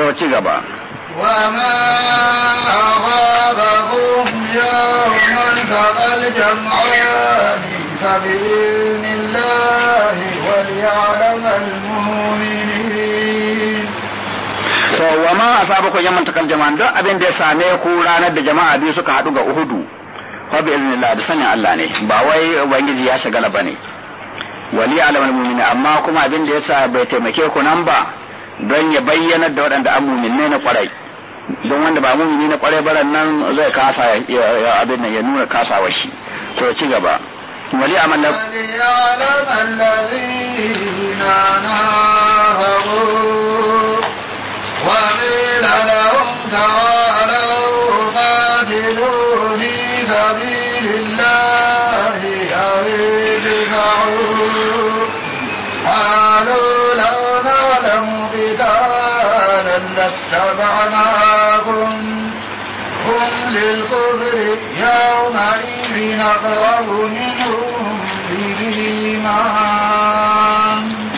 ta ci gaba وما أغابهم يوم التقى الجمعان فبإذن wa ma takal jama'a don abin da ya same ku ranar da jama'a biyu suka haɗu ga Uhudu fa bi iznillah da sanin Allah ne ba wai ubangiji ya shagala bane wali alamal ne amma kuma abin da ya sa bai taimake ku nan ba don ya bayyanar da waɗanda an muminai na kwarai don wanda ba mumini na kwarai baran nan zai kasa ya abin ya nuna kasawa shi to ci gaba wali amal وقيل لهم قالوا أن اتبعناهم هم للكفر يومئذ أقرب منهم بالإيمان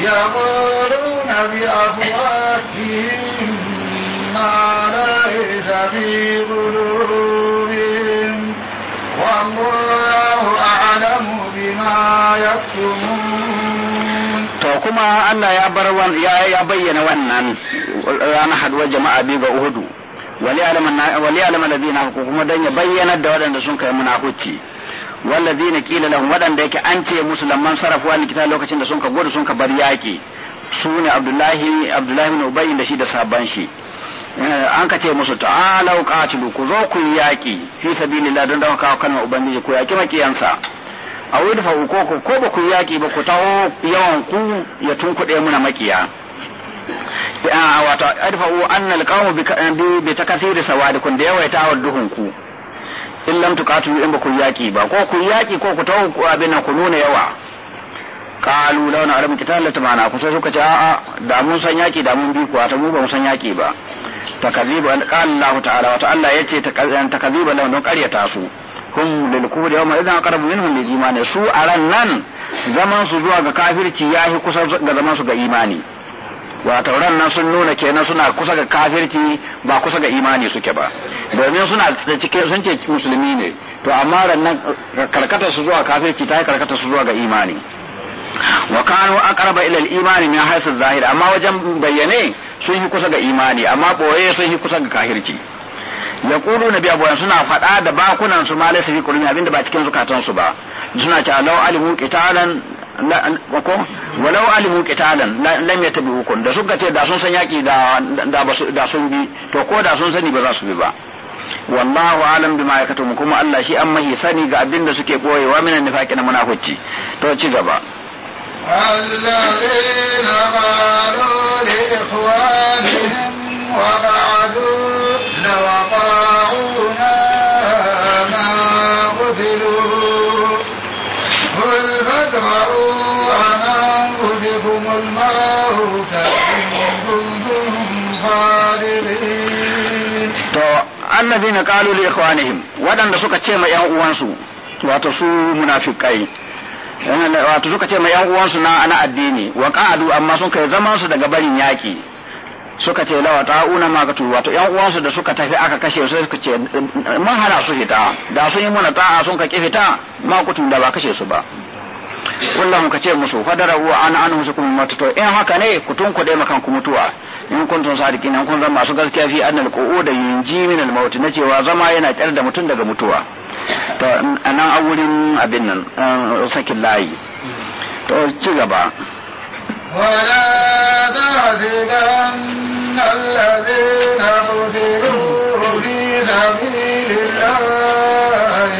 يقولون بأفواههم ما ليس في قلوبهم والله أعلم بما يكتمون To kuma Allah ya bar ya bayyana wannan ranar haduwar jama'a biyu ga Uhudu. Wali alama ladina ko kuma don ya bayyana da waɗanda sun kai munafuci. Walladina kila lahum waɗanda yake an ce musu lamman sarrafa wani kita lokacin da sun ka gudu sun ka bar yaƙi. Su ne Abdullahi Abdullahi bin da shi da sabban shi. Eh, an ka ce musu ta'alau ah, qatilu ku zo ku yi yaƙi fi sabilillah don da kawo kalmar ubangiji ku yaƙi makiyansa. a wani fa ko ko ba ku yaƙi ba ku taho yawan ku ya tunkuɗe muna makiya a wato adfa'u annal qawmu bi bi takathiri sawadikum da yawa ta wadduhun ku in lam tuqatu in ba ku yaki ba ko ku yaki ko ku tawo ku abin nan ku nuna yawa qalu law na aram qital la tamana ku sai suka ce a a da mun san yaki da mun bi ku ta mu ba mun san yaki ba takazzibu an qala Allah ta'ala wa ta'ala yace takazziba law don ƙaryata su hum lil kufri yawma idan aqrabu minhum lil imani su a ran nan zaman su zuwa ga kafirci yahi kusa ga zaman su ga imani wato ran nan sun nuna kenan suna kusa ga kafirci ba kusa ga imani suke ba domin suna cike sun ce musulmi ne to amma ran nan karkata su zuwa kafirci ta karkata su zuwa ga imani wa kanu aqrab ila al-iman min haythu zahir amma wajen bayyane sun yi kusa ga imani amma boye sun yi kusa ga kafirci na biya abu suna faɗa da bakunan su ma laisa fi kulmi abinda ba cikin zukatan su ba suna cewa law alimu qitalan ko walau alimu qitalan lam yatabi'ukum da suka ce da sun san yaki da da sun bi to ko da sun sani ba za su bi ba wallahu alam bima yakatum kuma Allah shi an mahi sani ga abinda suke koyewa minan nifaqi na munafici to ci gaba الذين قالوا لإخوانهم وقعدوا وطاعونا ما قتلوا قل فادرؤوا عن أنفسكم الموت الذين قالوا لإخوانهم ودن سكة تيما ينقوانسوا واتسوا منافقين wato suka ce ma yan uwansu na ana addini wa qa'adu amma sun kai zaman su daga barin yaki suka ce lawa ta'una ma katu wato yan uwansu da suka tafi aka kashe su suka ce mun hana su fita da sun yi mana ta'a sun ka ki fita ma kutu da ba kashe su ba kullum ka ce musu fadara wa an an musu kuma matato, in haka ne ku ku dai makan ku mutuwa in kuntum sadiqin in kun zama su gaskiya fi annal da yunji min al maut na cewa zama yana kyar da mutum daga mutuwa to anan a wurin abin nan sakin layi to ci gaba ولا تحسبن الذين قتلوا في سبيل الله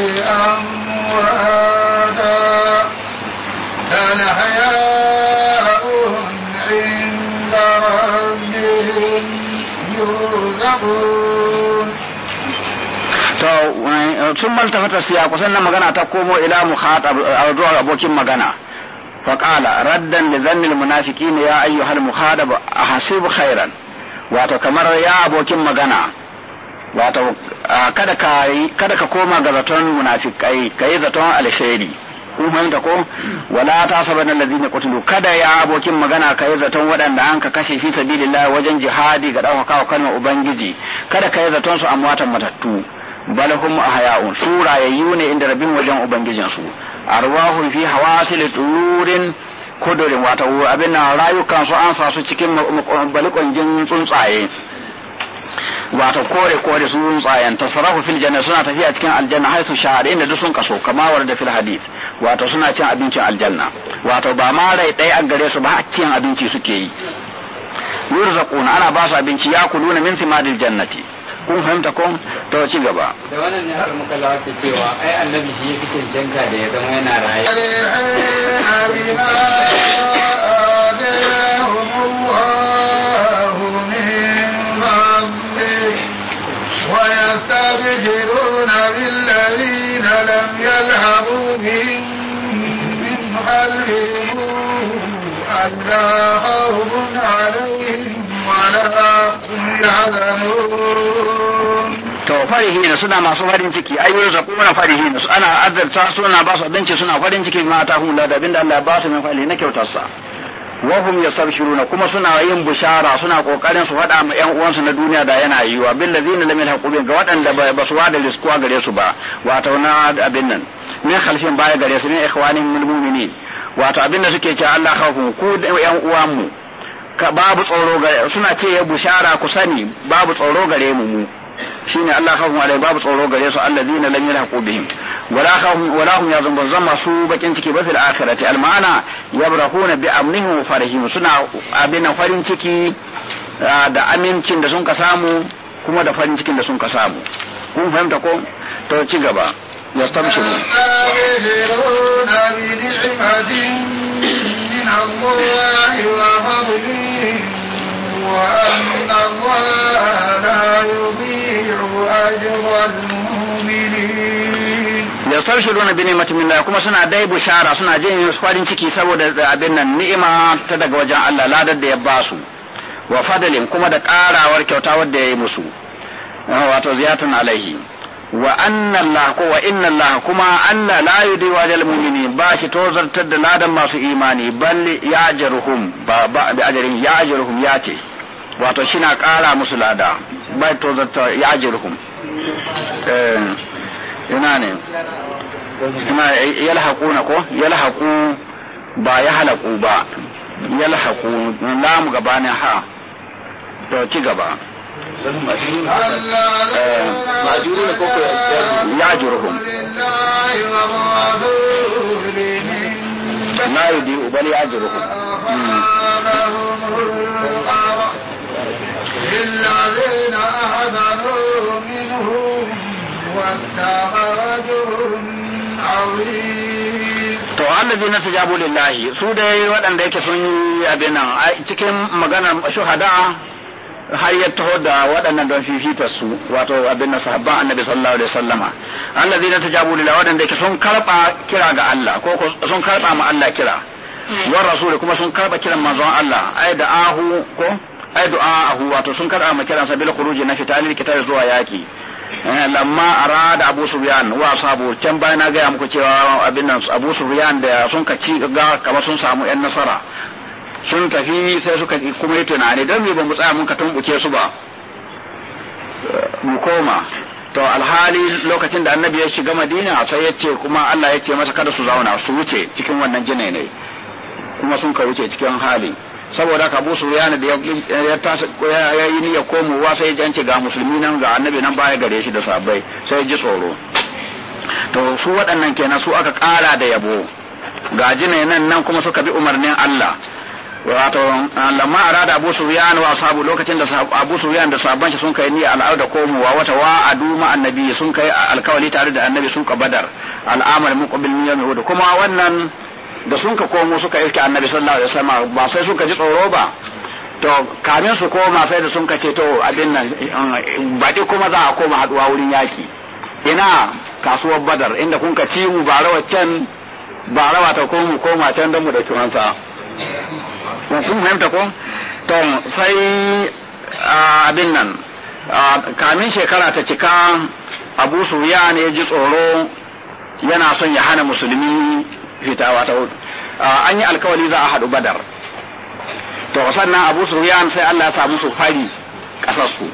أمواتا بل أحياء عند ربهم يرزقون to sun maltafata siya kusan na magana ta komo ila mu zuwa abokin magana فقال raddan لذن المنافقين munafiki أيها ya ayyuhal خيرا a hasib khairan wato kamar ya abokin magana wato kada ka koma ga zaton munafikai yi zaton alheri ta ko wala ta saban ne kutulu kada ya abokin magana kai zaton waɗanda an ka kashe fi sabilillah wajen jihadi ga ɗaukaka kalmar ubangiji kada ka yi zaton su amwatan matattu bal hum ahya'un rayayyu ne inda rabin wajen ubangijinsu su arwahu fi hawasil turin kudurin wata abin na rayukan su an sasu cikin balikon tsuntsaye wato kore kore su tsuntsayen tasarrafu fil janna suna tafiya cikin aljanna haisu su da inda duk sun kaso kamawar da fil hadith wato suna cin abincin aljanna wato ba ma rai dai an gare su ba cin abinci suke yi yurzaquna ana ba su abinci yakuluna min thimadil jannati kun fahimta kun to ci gaba da wannan ne muka cewa ai annabi shi yake da ya zama yana raye ويستبشرون بالذين لم يلهبوا من خلفهم ألا خوف عليهم To يعلمون suna masu farin ciki ai yau zakuna farihina ana azabta suna ba su abinci suna farin ciki ma ta da abinda Allah ba su min fali na kyautar sa wa hum yasabshiruna kuma suna yin bushara suna kokarin su fada ma ƴan uwansu na duniya da yana yiwa bil ladina lam yalhaqu ga waɗanda ba su wada riskuwa gare su ba wato na abin nan min khalfin baya gare su min ikhwanin mu'minin wato abin da suke cewa Allah khawfun ku ƴan uwanmu babu tsoro gare suna ce ya bushara ku sani babu tsoro gare mu mu shine Allah kafin alai babu tsoro gare su allazina lam yalhaqu bihim wala khawfun wala hum yazunun zama su bakin ciki ba fil akhirati al ma'ana yabrahuna bi amnihim wa farihim suna abin farin ciki ah, da amincin da sun ka samu kuma da farin cikin da sun ka samu kun fahimta ko to ci gaba yastabshirun من الله وفضله وأن الله لا يضيع أجر المؤمنين minna kuma suna dai bushara suna jin farin ciki saboda abin nan ni'ima ta daga wajen Allah ladar da ya ba su wa fadalin kuma da karawar kyauta wadda ya yi musu wato ziyatun alaihi wa anna Allah ko wa inna Allah kuma Allah la yudi wa dal mu'mini ba shi tozartar da ladan masu imani balli ya jaruhum ba ba bi ajrin ya jaruhum ya ce wato shi na kara musu lada ba tozarta ya jaruhum eh ina ne ina yalhaquna ko yalhaqu ba ya halaku ba yalhaqu lamu gabanin ha to ci gaba مأجورون كوكو ما يضيء بل للذين منهم To allazi na tajabu lillahi su dai waɗanda yake sun yi nan cikin maganar shuhada har ya taho da waɗannan don fifita su wato abin na sahabban annabi sallallahu alaihi wasallama allazi na tajabu jabu lila waɗanda ke sun karba kira ga Allah ko sun karba ma Allah kira hmm. wa rasul kuma sun karba kiran manzon Allah ay da ahu ko ai du'ahu wato sun karba ma kiran sabila khuruji na fitalil kitab zuwa yaki eh, lamma arada abu sufyan wa sabu can bayan na ga muku cewa abin nan abu sufyan da sun kaci ga kamar sun samu yan nasara sun tafi sai suka kuma yi tunani don me ba mu tsaya mun ka tumbuke su ba mu koma to alhali lokacin da annabi ya shiga madina sai ya ce kuma Allah ya ce masa kada su zauna su wuce cikin wannan gine ne kuma sun ka wuce cikin hali saboda haka Abu Sufyan da ya yi niyyar komowa sai ya jance ga musulmi nan ga annabi nan baya gare shi da sabbai sai ji tsoro to su waɗannan kenan su aka ƙara da yabo ga jinai nan nan kuma suka bi umarnin Allah wato lamma arada abu suyan wa sabu lokacin da abu suyan da sahabban shi sun kai ni al'ar da komowa wata wa ma annabi sun kai alkawali tare da annabi sun ka badar al'amal muqbil min yawmi uhud kuma wannan da sun ka komo suka iske annabi sallallahu alaihi wasallam ba sai suka ji tsoro ba to kamin su koma sai da sun ka ce to abin nan um, baɗi kuma za a koma haɗuwa wurin yaki ina kasuwar badar inda kun ka ci mu ba rawa can ba rawa ta komu koma can don mu da kiwansa kun fahimta ko to sai abin nan kamin shekara ta cika abu ya ne ya ji tsoro yana son ya hana musulmi wata hudu an yi alkawali za a haɗu badar to sannan abu suyan sai allah ya samu su fari ƙasarsu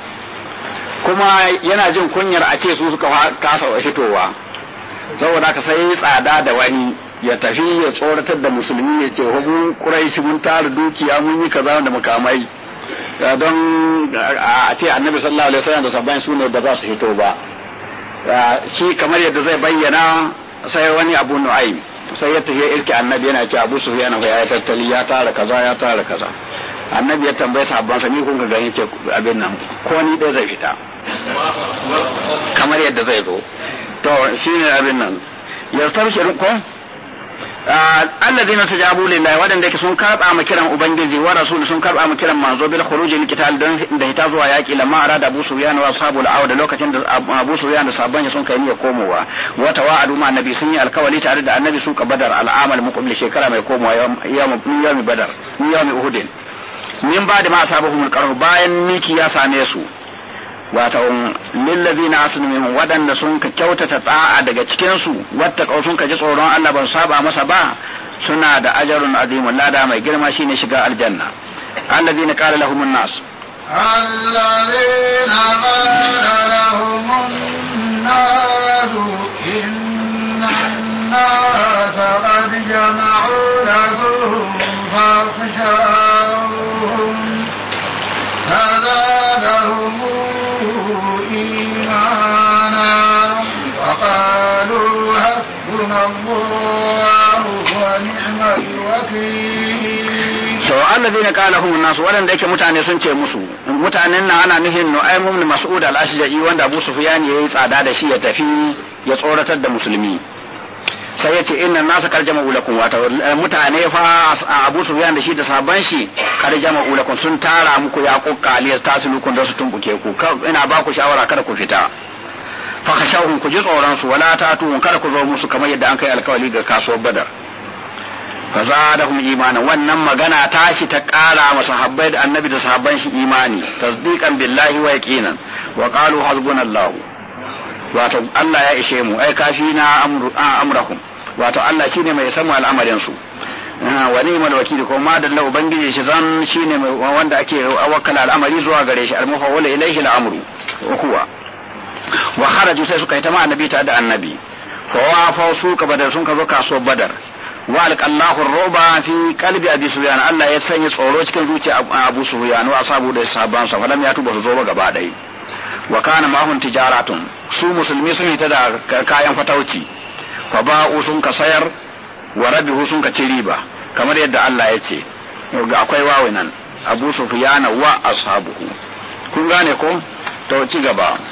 kuma yana jin kunyar a ce su suka kasa fitowa saboda ka sai tsada da wani ya tafi ya tsoratar da musulmi ya ce mu ƙuraishi mun tara dukiya mun yi kaza da makamai don a ce annabi sallallahu alaihi wasallam da sabbin sune ba za su fito ba shi kamar yadda zai bayyana sai wani abu nu'ai sai ya tafi irki annabi yana ce abu sufyan ya tattali ya tara kaza ya tara kaza annabi ya tambaye sabbin sa ni kun ga gani ce abin nan ko ni dai zai fita kamar yadda zai zo to shine abin nan ya tarshi ko alladhina sajabu lillahi wadanda yake sun karba ma kiran ubangiji wa rasul sun karba ma kiran manzo bil khuruj lil qital dan da ita zuwa yaki lamma arada abu sufyan wa ashabul awd lokacin da abu sufyan da sabban sun kai niyyar komowa wa tawa'adu ma annabi sun yi alkawali tare da annabi su ka badar al'amal muqbil shekara mai komowa ya yawm badar yawm uhud min ba da ma asabahum alqarh bayan miki ya same su wato lillazina asnu minhum waɗanda sun ka kyautata tsa'a daga cikin su wata sun ka ji tsoron Allah ban saba masa ba suna da ajarun azimun lada mai girma shine shiga aljanna allazina qala lahumun nas الذين قال لهم الناس إن الناس قد جمعوا لكم فاخشوهم فزادهم so الله ونعم kala to allazina qala yake mutane sun ce musu mutanen nan ana nuhin ai ibn mas'ud al-ashja'i wanda Abu Sufyan yayi tsada da shi ya tafi ya tsoratar da musulmi sai yace inna nasa karjama ulakum wato eh, mutane fa Abu Sufyan da shi da saban shi karjama ulakum sun tara muku ya kokka aliyas tasulukun da su tumbuke ku ina ba ku shawara kada ku fita fa ku ji tsoron su wala ta ta'tuhum kada ku zo musu kamar yadda an kai alkawali ga kasuwar badar fa zadahum imana wannan magana tashi ta kara masa habbai da annabi da sahabban shi imani tasdiqan billahi wa yaqinan wa qalu hasbunallahu wato Allah ya ishe mu ai na amru amrahum wato Allah shine mai samu al'amarin su wa ni'mal wakil ko ma dalla ubangiji shi zan shine wanda ake wakala al'amari zuwa gare shi al-mufawwala ilayhi al-amru huwa wa kharaju sai suka yi ta ma annabi ta da annabi fa fa su ka badar sun ka zo kaso badar wa alqallahu ruba fi qalbi abi sufyan Allah ya sanya tsoro cikin zuciya abu sufyan wa asabu da saban sa ya tuba su zo ba gaba dai wa kana mahun tijaratun su musulmi sun yi ta da kayan fatauci fa ba sun ka sayar wa rabi sun ka ci riba kamar yadda Allah ya ce ga akwai wawi nan abu sufyan wa ashabuhu kun gane ko to ci gaba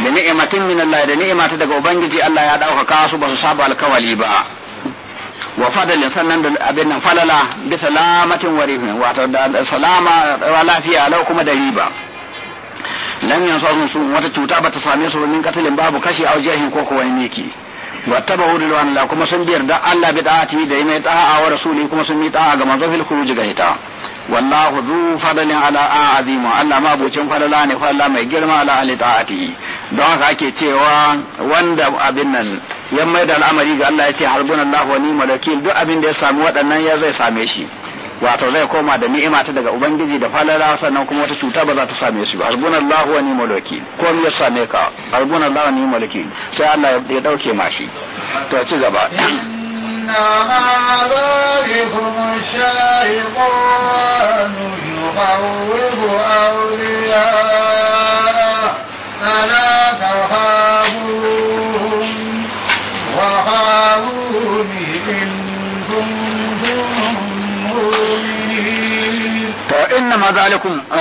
da ni'imatin min Allah da ni'ima ta daga ubangiji Allah ya daukaka su ba su saba alkawali ba wa fadalin sannan da abin nan falala bi salamatin wa rihmin wato da salama wa lafiya lau kuma da riba lam sun su wata cuta ba ta same su min katalin babu kashi a wajen ko ko wani miki wa tabahu rilwan Allah kuma sun biyar da Allah bi ta'ati da yana ta'a wa rasuli kuma sun yi ta'a ga manzo fil khuruj ga ita wallahu zu fadalin ala azima Allah ma bucin falala ne falala mai girma ala ali ta'ati don haka ake cewa wanda abin nan ya mai da al'amari ga Allah ya ce harbunallahu wa ni'mal wakil duk abin da ya samu waɗannan ya zai same shi wato zai koma da ni'ima ta daga ubangiji da falala sannan kuma wata cuta ba za ta same shi ba harbunallahu wa ni'mal wakil ko ya same ka harbunallahu wa ni'mal wakil sai Allah ya dauke mashi to ci gaba الشيطان يخوف أولياءه فلا تخافوهم وخافوني إن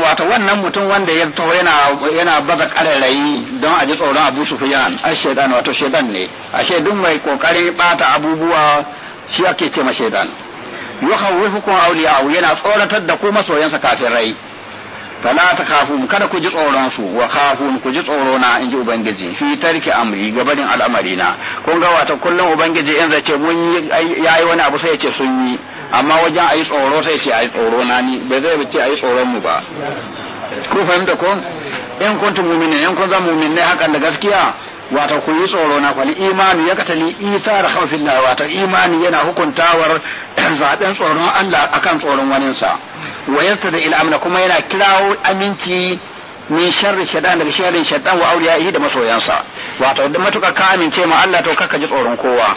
wato wannan mutum wanda ya taho yana yana baza kararrayi don a ji tsoron Abu Sufyan a wato shaytan ne a duk mai kokari bata abubuwa shi ake ce ma shaytan yukhawwifukum awliya'u yana tsoratar da ku masoyansa rai. fala ta kafu kada ku ji tsoron su wa kafu ku ji tsoro na inji ubangiji fi tarki amri gabanin al'amari na kun ga wata kullum ubangiji in zace mun yayi wani abu sai ya ce sun yi amma wajen ayi tsoro sai ce ayi tsoro na ni bai zai bace ayi tsoron mu ba ku fahimta ko in kuntum mu'minin in kun zama mu'minai hakan da gaskiya wato ku yi tsoro na kwali imani ya katali ita da khawfin wato imani yana hukuntawar zaben tsoron Allah akan tsoron waninsa wa yastada il amna kuma yana kirawo aminci min sharri shaitan daga sharrin shaitan wa auliyahi da masoyansa wato duk matukar ka amince ma Allah to kakka ji tsoron kowa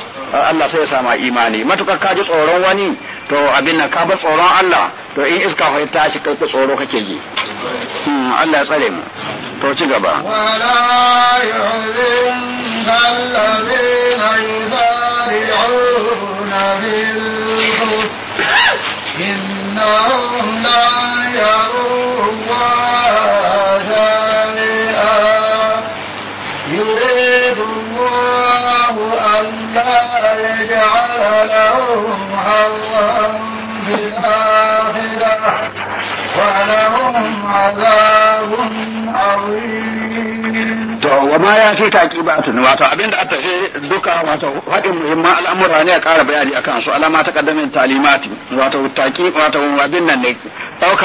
Allah sai ya sama imani matukar ka ji tsoron wani to abin nan ka bar tsoron Allah to in iska fa ta shi kai tsoro kake ji hmm, Allah ya tsare mu to ci gaba wala yuhzinka alladhina yusari'una bil إنهم لا يرون الله شيئا يريد الله ألا يجعل لهم حظا في الآخرة wa ma ya fi wato aka duka wato hadin muhimman al'amura ne ya ƙara bayani alama ta talimati wato wato abin nan ne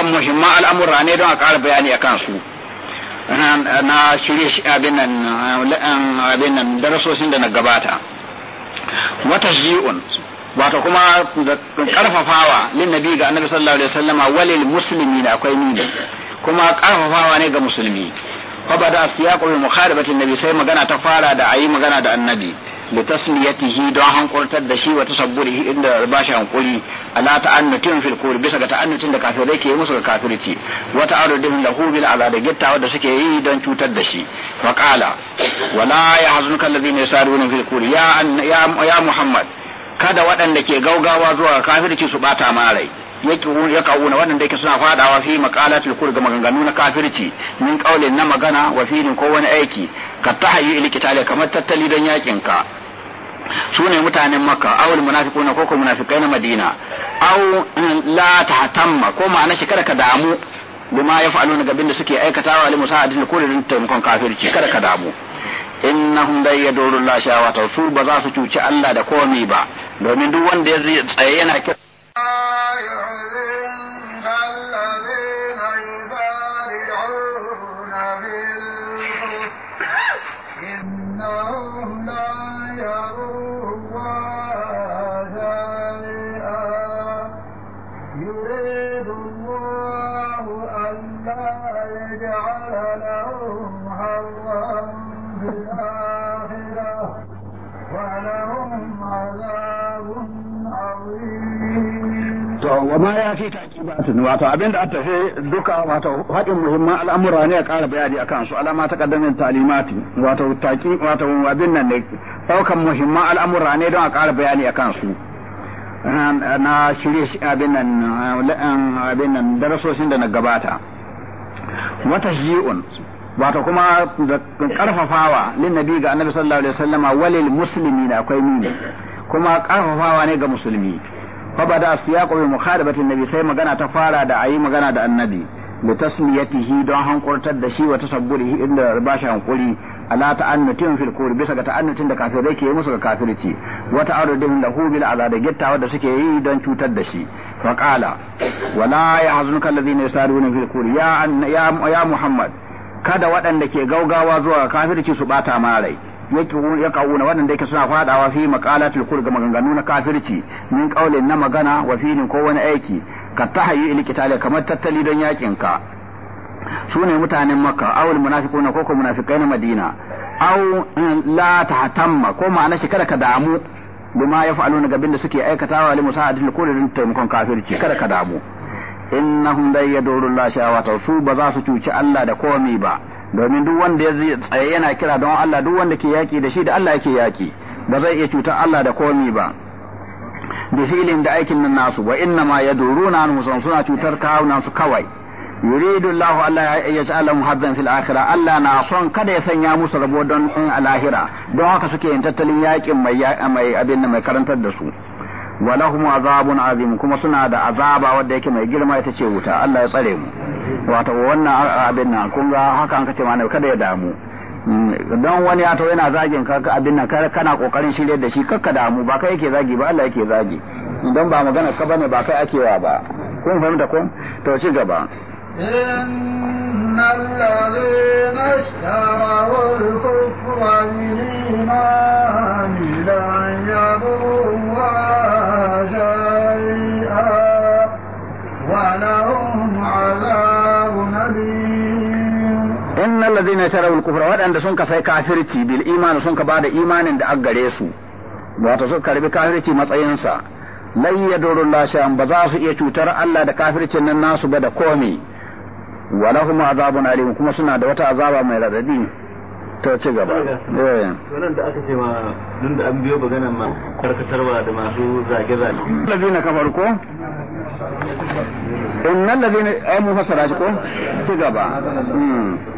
muhimman al'amura ne don a ƙara bayani akan su na shirye abin nan eh, eh, abin nan darasosin da na gabata wata wato kuma karfafawa lin nabi ga annabi sallallahu alaihi wasallama walil muslimin akwai nini kuma karfafawa ne ga musulmi fa bada siyaqu bi mukhalabatin nabi sai magana ta fara da ayi magana da annabi da tasmiyatihi don hankurtar da shi wa tasabburihi inda bashi hankuri ala ta'annutin fil qur bisa ga ta'annutin da kafirai ke musu ga kafirci wa ta'arudin lahu bil da gittawa da suke yi don cutar da shi fa qala wala yahzunka alladhina yasaruna fil qur ya ya muhammad kada waɗanda ke gaugawa zuwa kafirci su bata ma rai ya kauna waɗanda yake suna faɗawa fi maqalatul kur ga maganganu na kafirci min na magana wa filin ko wani aiki ka likita ilkitale kamar tattali don yakin ka su ne mutanen makka awul munafiquna ko ko munafiqai na madina aw mm, la tamma ko ma'ana shi kada ka damu bima na gabin da suke aikatawa li musa'adil kulli din taimakon kafirci kada ka damu innahum la yadurru shawata su ba za su cuci Allah da komai ba domin duk wanda ya tsaye yana kira إنهم ma ya fi taqibatun wato abinda an tafi duka wato haɗin muhimman al'amura ne ya ƙara bayani akan su alama ta kaddamin talimati wato taqi wato abin nan ne ɗaukan muhimman al'amura ne don a ƙara bayani akan su na shirye abin nan abin nan darasoshin da na gabata wata shi'un wato kuma da karfafawa lin nabi ga annabi sallallahu alaihi wasallama walil muslimina akwai mini kuma karfafawa ne ga musulmi fa bada siyaqu bi mukharibati annabi sai magana ta fara da ayi magana da annabi da tasmiyatihi don hankurtar da shi wa tasabburihi inda ba shi hankuri ala ta'annutin fil bisa ga ta'annutin da kafirai ke musu ga kafirci wa ta'arudin lahu bil azab gittawa da suke yi don cutar da shi fa qala wala yahzunka alladhina yusaruna fil kufri ya ya muhammad kada waɗanda ke gaugawa zuwa kafirci su bata marai. ya kauna waɗanda yake suna fadawa fi maqalatul kul ga maganganu na kafirci min qaulin na magana wa filin ko wani aiki ka tahayyu il qitali kamar tattali don yakin ka su ne mutanen makka awul munafiquna ko ko munafiqai na madina aw eh, la tahtamma ko ma'ana shi kada ka damu bima yaf'aluna gabin da suke aikatawa li musa'adil kul din taimakon kafirci kada ka damu innahum la yadurru la ba za su cuci Allah da komai ba domin duk wanda ya tsaye yana kira don Allah duk wanda ke yaki da shi da Allah yake yaki ba zai iya cutar Allah da komi ba bi filin da aikin nan nasu wa inna ma yaduruna an musan suna cutar kawunan su kawai yuridu Allah Allah ya ja'ala muhazzan fil akhirah Allah na son kada ya sanya musu rabo don alahira don haka suke yin tattalin yakin mai mai abin mai karantar da su wa lahum azabun azim kuma suna da azaba wadda yake mai girma ita ce wuta Allah ya tsare mu wato wannan abin nan kun ga haka an kace mana kada ya damu mm, don wani ya to yana zagin ka abin nan kana kokarin shirye da shi kakka damu ba kai yake zagi ba Allah yake zagi don ba magana ka bane ba kai akewa ba kun fahimta ko to ci gaba إن الذين اشتروا الكفر بالإيمان لن يضروا allazina al kufra waɗanda sun ka sai kafirci bil iman sun ka bada imanin da an gare su wato suka karbi kafirci sa lai yadurru la sha'an ba za su iya cutar Allah da kafircin nan nasu ba da komi walahum azabun alim kuma suna da wata azaba mai radadi ta ci gaba eh wannan da aka ce ma dun da an biyo bagana ma karkatarwa da masu zage zage allazina kafaru ko innal ladina ay mufassara ko ci gaba hmm.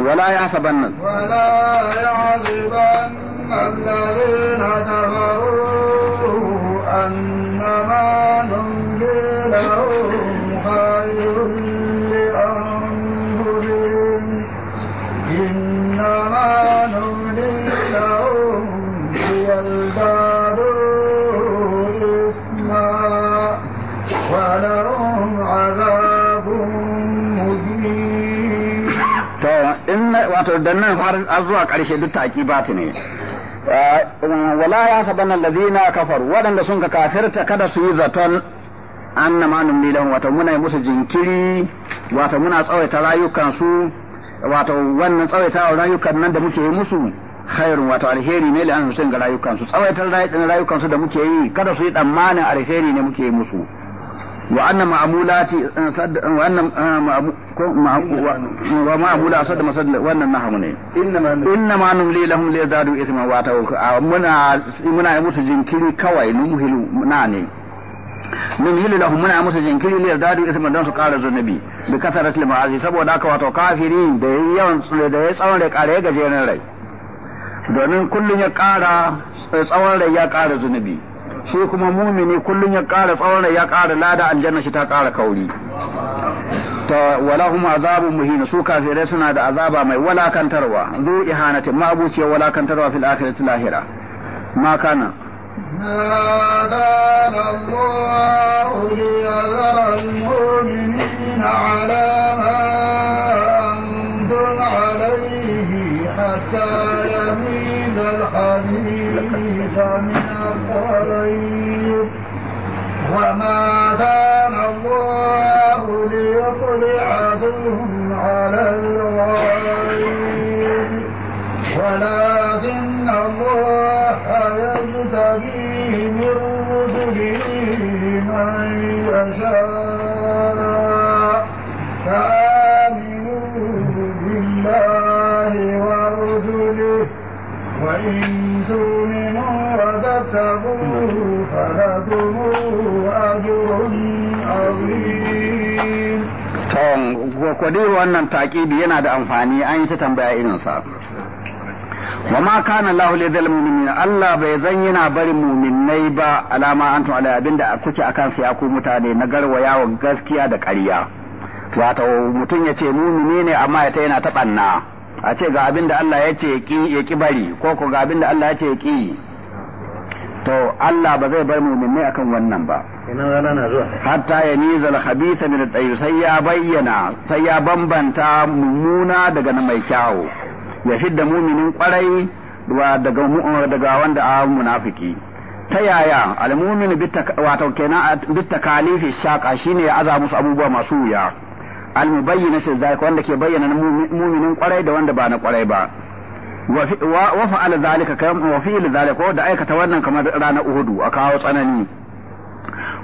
ولا يحسبن ولا يحسبن الذين كفروا أنما نملي لهم خير wato da nan har zuwa ƙarshe duk ta ta'qibati ne eh, wala ya sabanna ladina kafar waɗanda sun ka kafirta kada su yi zaton annama numli lahum wato muna musu jinkiri wato muna tsawaita rayukansu wato wannan tsawaita rayukan nan da muke yi musu khairun wato alheri ne li an ga rayukansu tsawaitar rayukansu da muke yi kada su yi tsammanin alheri ne muke yi musu وأن معمولات وأن ومعمولة أصد مسد وأن النحو منين إنما نملي لهم ليزدادوا إثما واتوا منا منا يموت جنكيري كواي نمهل ناني نمهل لهم منا يموت جنكيري ليزدادوا إثما دون سقال النبي بكثرة المعازي سبو داك واتوا كافرين ده يوان ده يسعون لك عليه جزيرا رأي domin كل ya ƙara tsawon rai ya shi kuma mumini kullum ya ƙara tsawon ya ƙara lada aljanna shi ta ƙara kauri ta kuma azabun muhimmi su kafirai suna da azaba mai walakantarwa zo ihanatin ma abuciya walakantarwa fil akhirati lahira ma kana كان الله الحديث من الغيب وما كان الله ليطلعهم على الغيب ولكن الله يجتبي من رسله من يشاء وإن تؤمنوا وتتقوه فلكم أجر عظيم dai wannan taƙidi yana da amfani an yi ta tambaya irinsa wa ma kana lahu li zal Allah bai zan yana barin muminai ba alama antum ala abinda kuke akan sai ku mutane na garwaya wa gaskiya da ƙarya wato mutum ya ce mumini ne amma ya yana ta banna a ce ga abin da Allah ya ce ya ki bari ko ko ga abin da Allah ya ce ya ki to Allah ba zai bar mu'minai akan wannan ba hatta ya niza al-khabitha min at sai ya bayyana sai ya bambanta mummuna daga na mai kyawu ya fidda mu'minin kwarai daga daga wanda a munafiki ta yaya al bitta wato kenan bitta kalifi shaka shine ya aza musu abubuwa masu wuya almubayyana shi zalika wanda ke bayyana muminin kwarai da wanda ba na kwarai ba wa fa'ala ka kam wa fi'l zalika da aikata wannan kamar ranar uhudu a kawo tsanani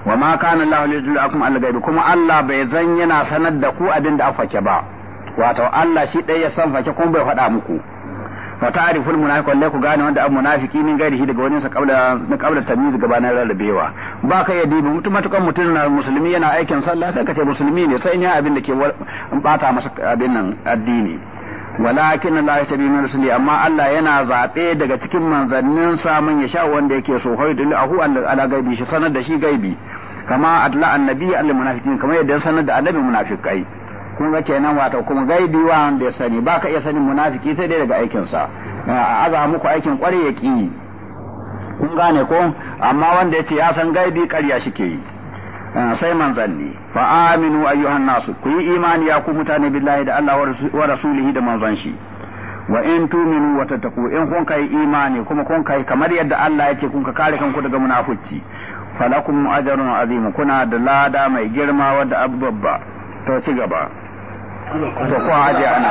wa ma kana Allah yajlu akum al-ghaib kuma Allah bai zan yana sanar da ku abin da fake ba wato Allah shi dai ya san fake kuma bai faɗa muku fa ta'riful munafiqun lai ku gane wanda abu munafiki min gairi shi daga wajensa qabla na qabla tamyiz gabanar rarrabewa ba ka iya dibi mutum matukan mutum na musulmi yana aikin sallah sai ka ce musulmi ne sai ne abin da ke bata masa abin nan addini walakin Allah ya tabi amma Allah yana zabe daga cikin manzannin samun ya sha wanda yake so ahu ala gaibi shi sanar da shi gaibi kama adla annabi al munafiqin kama yadda sanar da annabi munafiqai kun ga kenan wato kuma gaibi wa wanda ya sani baka iya sanin munafiki sai dai daga aikin sa aza muku aikin kware ya ki kun gane ko amma wanda yace ya san gaibi ƙarya ke yi ah, sai manzanni fa aminu ayyuhan nasu ku yi imani ya ku mutane billahi da Allah wa rasulihi da manzon shi wa in tuminu wa tattaku in kun kai imani kuma kun kai kamar yadda Allah yace kun ka kare kanku daga munafici falakum ajrun azim kuna da lada mai girma wadda abubba to ci gaba to ko aje ana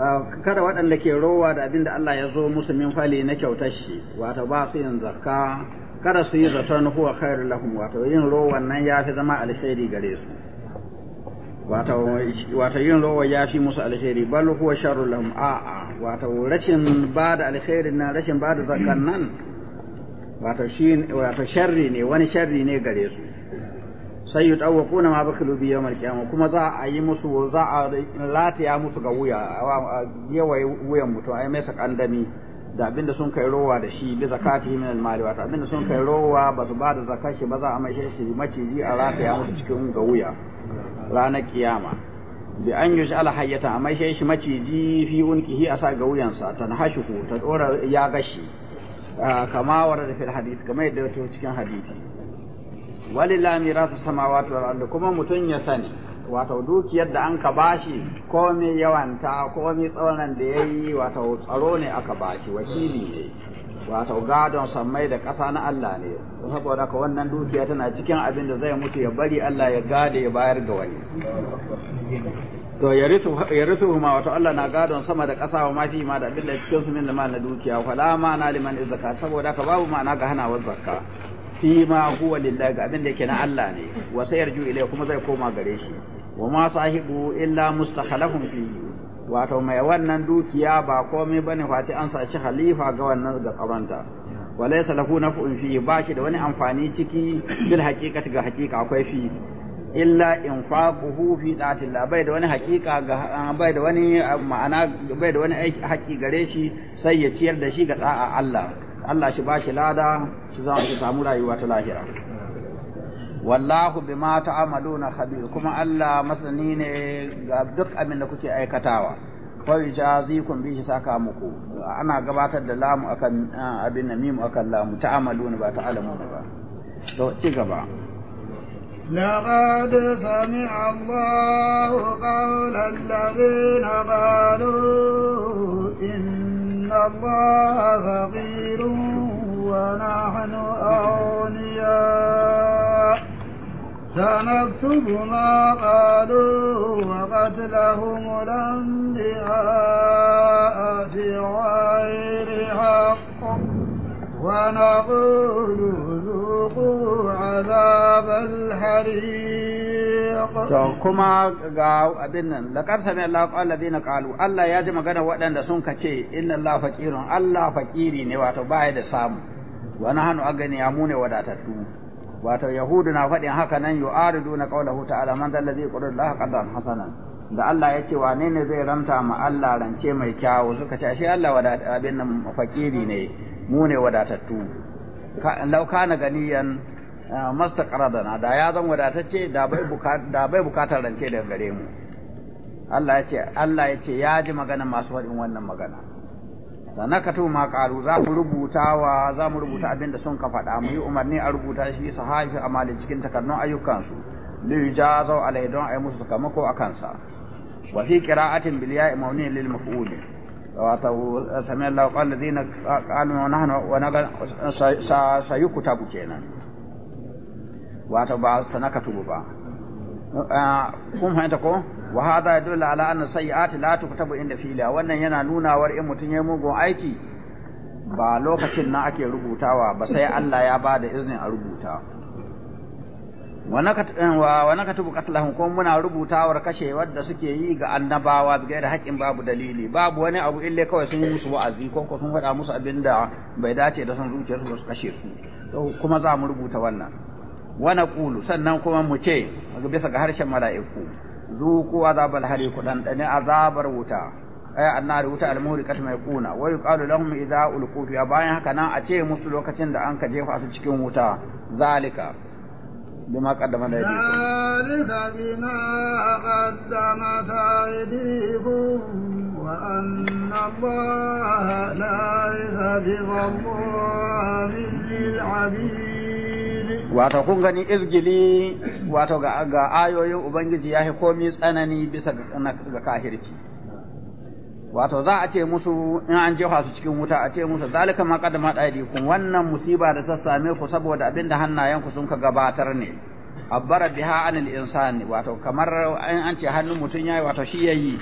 Ah, kada waɗanda ke rowa da abin da Allah ya zo musu min fali na kyautar shi wato ba su yin zakka kada su yi zaton huwa khairu lahum wato yin rowan nan ya fi zama alheri gare su wato yin rowa ya fi musu alheri bal huwa sharru lahum a'a wato rashin ba da alheri nan rashin ba da zakkan nan wato shi wato sharri ne wani sharri ne gare su sai yutawquna ma bakilu bi yawmal kyamu kuma za a yi musu za a lataya musu ga wuya yawai wuyan mutum yi mai sakandami da abinda sun kai rowa da shi bi zakati min al mali abinda sun kai rowa ba su ba da zakashi ba za a mai shi maciji a rataya musu cikin ga wuya ranar kiyama bi an yush al hayyata a mai shi maciji fi hi a sa ga wuyansa tanhashuhu ta dora ya gashi kama warada fil hadith kamar yadda cikin hadisi walillahi mirasu samawati wal ardi kuma mutum ya sani wato dukiyar da an ka bashi ko yawan yawanta ko me da yayi wato tsaro ne aka bashi wakili ne wato gadon sammai da ƙasa na Allah ne saboda ka wannan dukiya tana cikin abin da zai mutu ya bari Allah ya gade ya bayar ga wani to ya risu ma wato Allah na gadon sama da ƙasa wa mafi ma da abin da cikin su min da na dukiya fala ma na liman izaka saboda ka babu ma'ana ga hanawar zakka fi ma huwa lillahi ga abin da yake na Allah ne wa yarju ilai kuma zai koma gare shi wa ma sahibu illa mustakhalafun fi wato mai wannan dukiya ba komai bane fati an saci halifa ga wannan ga tsaronta wa laysa lahu naf'un fi ba shi da wani amfani ciki bil haqiqati ga haqiqa akwai fi illa infaquhu fi ta'atillah bai da wani haqiqa ga bai da wani ma'ana bai da wani aiki haƙi gare shi sai ya ciyar da shi ga da'a Allah Allah shi bashi lada shi za su samu rayuwa ta lahira wallahu bima ta'maluna khabir kuma Allah masani ne ga duk abin da kuke aikatawa fa yajazikum bihi saka muku ana gabatar da lamu akan abin mimu akan lamu ta'maluna ba ta'lamuna ba to ci gaba لقد سمع الله قول الذين قالوا إن إن الله فقير ونحن أغنياء سنكتب ما قالوا وقتلهم الأنبياء بغير حق ونقول ذوقوا عذاب الحريق to kuma ga abin nan karsa sami Allah qala ladina qalu Allah ya ji magana waɗanda sun kace inna Allah faqirun Allah faqiri ne wato baya da samu wa nahnu ya mu ne wadatattu wato yahudu na faɗin haka nan na qawlahu ta'ala man dal ladhi qadara Allah qadan hasanan da Allah ya ce wane ne zai ranta ma Allah rance mai kyawu suka ce ashe Allah abin nan faqiri ne mu ne wadatattu law kana ganiyan Ah, mastaqradana da ya zan wadatacce da bai bukatar da bai bukatar rance daga gare mu Allah ya ce ya ji magana masu faɗin wannan magana sanakatu ma qalu za mu rubuta wa za mu rubuta abin da sun ka faɗa mu yi umarni a rubuta shi sahafi amali cikin takardun ayyukansu li yujazu alai don yi musu sakamako akan sa wa fi qira'atin bil ya'i mawni lil maf'ul wato sami Allah qala ladina qalu nahnu wa sayuktabu kenan wato ba sanaka tubu ba ah, kun fahimta ko wa hada dole ala anna sayyi'ati la tuktabu inda fila wannan yana nunawar in mutum ya mugun aiki ba lokacin na ake rubutawa ba sai Allah ya ba da iznin a rubuta eh, wa nakatubu qatlahum ko muna rubutawar kashe wadda suke yi ga annabawa ga da haƙin babu dalili babu wani abu illa kawai sun yi musu wa'azi ko ko sun faɗa musu abinda bai dace da san zuciyarsu ba su kashe su kuma za mu rubuta wannan wa kulu sannan kuma mu ce bisa ga harshen mala'iku zuku azabar hari dan dane azabar wuta ay annar wuta almuhriqat mai kuna wa yuqalu lahum idza ulqu fiha bayan haka nan a ce musu lokacin da an ka jefa su cikin wuta zalika بما قدم ذلك بما قدمت أيديكم وأن wato kun gani izgili wato ga ayoyin ubangiji ya komi tsanani bisa ga kahirci wato za a ce musu in an jefa su cikin wuta a ce musu zalika ma qadama kun wannan musiba da ta same ku saboda abin da hannayenku sun ka gabatar ne abbara biha anil insani wato kamar an ce hannun mutum yayi wato shi yayi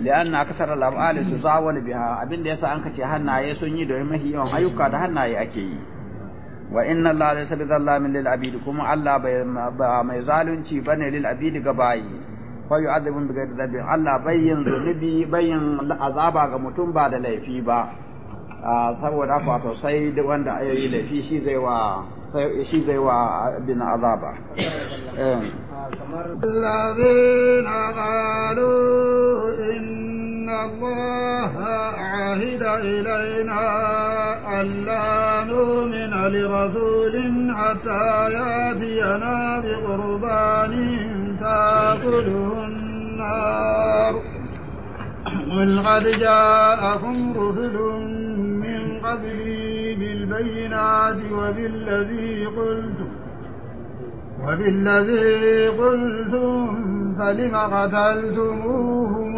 li'an na kasar al'amali su zawal biha abinda da yasa an ka ce hannaye sun yi domin mahi yawan ayyuka da hannaye ake yi wa inna Allah laysa bidhallamin lil abid kuma Allah ba mai zalunci bane lil abid ga bayi fa yu'adhibun bi ghairi rabbi Allah bayyin zunubi bayyin azaba ga mutum ba da laifi ba ah, saboda haka to sai wanda ayi laifi shi zai wa شيء زي wa bin azaba الذين قالوا إن الله عهد إلينا ألا نؤمن لرسول حتى يأتينا بقربان تأكله النار قل قد جاءكم رسل من قبلي بالبينات وبالذي قلتم وبالذي قلتم فلم قتلتموهم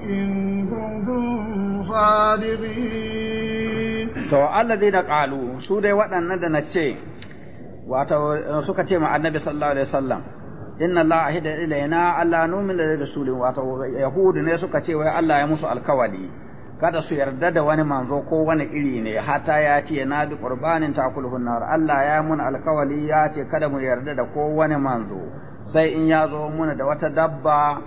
إن كنتم صادقين تو الذين قالوا سورة وأنا ندنا تشي wato suka ce ma annabi sallallahu alaihi wasallam inna Allah ahida ilaina Allah numin da rasulin wato yahudu ne suka ce wai Allah ya musu alkawali kada su yarda da wani manzo ko wani iri ne hata ya ce na bi qurbanin takulhun nar Allah ya mun alkawali ya ce kada mu yarda da ko wani manzo sai in ya zo muna da wata dabba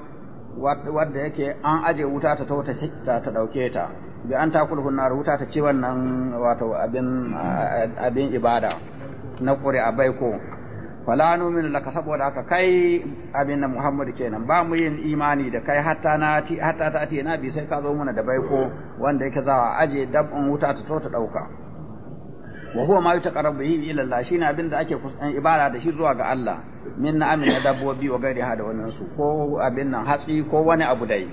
wadda yake an aje wuta ta ta ta ta dauke ta bi an takulhun nar wuta ta ci wannan wato abin abin ibada na a bai ko fala nu'minu laka saboda haka kai abin nan Muhammadu kenan ba mu yin imani da kai hatta na hatta ta ati na bi sai ka zo muna da baiko wanda yake zawa aje dabban wuta ta to ta dauka wa huwa ma yutaqarrabu bihi ila Allah shine abin da ake kusan eh, ibada da shi zuwa ga Allah min na'amin dabbobi wa gairi hada wannan su ko abin nan hatsi ko wani abu dai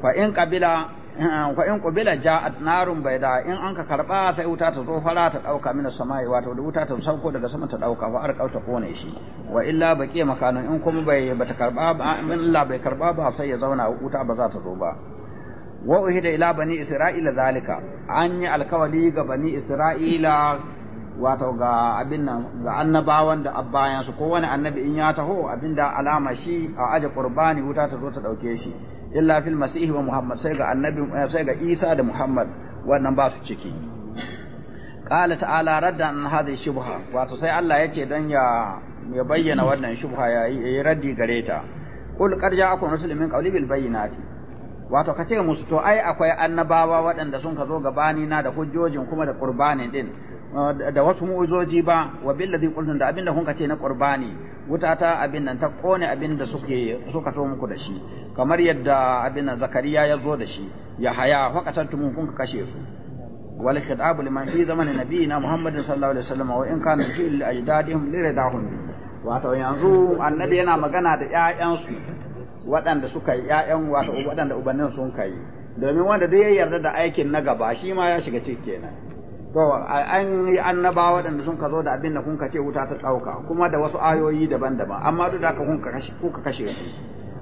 fa in qabila fa eh, in qubila ja'at narun bayda in an ka karba sai wuta ta zo fara ta dauka mina samai wato da wuta ta sauko daga sama ta dauka fa ar ta kone shi wa illa baqiya makanu in kuma bai bata karba ba in illa bai karba ba sai ya zauna wuta ba za ta zo ba wa uhida ila bani isra'ila zalika an yi alkawali ga bani isra'ila wato ga abin nan ga annabawan da abbayansu wani annabi in ya taho abinda alama shi a aje qurbani wuta ta zo ta dauke shi illa fil masihi wa muhammad sai ga annabi eh, sai ga isa da muhammad wannan ba su ciki qala ta'ala radda an hadhihi shubha wato sai Allah yace dan ya ya bayyana wannan shubha ya yi raddi gare ta qul qad ja'akum rusulun min qawli bil bayyinati wato kace musu to ai akwai annabawa waɗanda sun ka zo gabani na da hujjojin kuma da qurbanin din da wasu mu'ujoji ba wa billazi qultum da abinda kun ce na qurbani wuta ta abin nan ta kone abin da suke suka to muku da shi kamar yadda abin nan zakariya ya zo da shi ya haya faqatantum kun kashe su wal khitab liman fi zamanin nabiyina muhammadin sallallahu alaihi wasallam wa in kana fi al ajdadihim liridahum wato yanzu annabi yana magana da su waɗanda suka yi ƴaƴan wato waɗanda ubannin sun kai domin wanda duk ya yarda da aikin na gaba shi ma ya shiga cikin kenan To, an yi annaba waɗanda sun ka zo da abin da kun ka ce wuta ta ɗauka, kuma da wasu ayoyi daban-daban, amma duk da kun ka kashe su.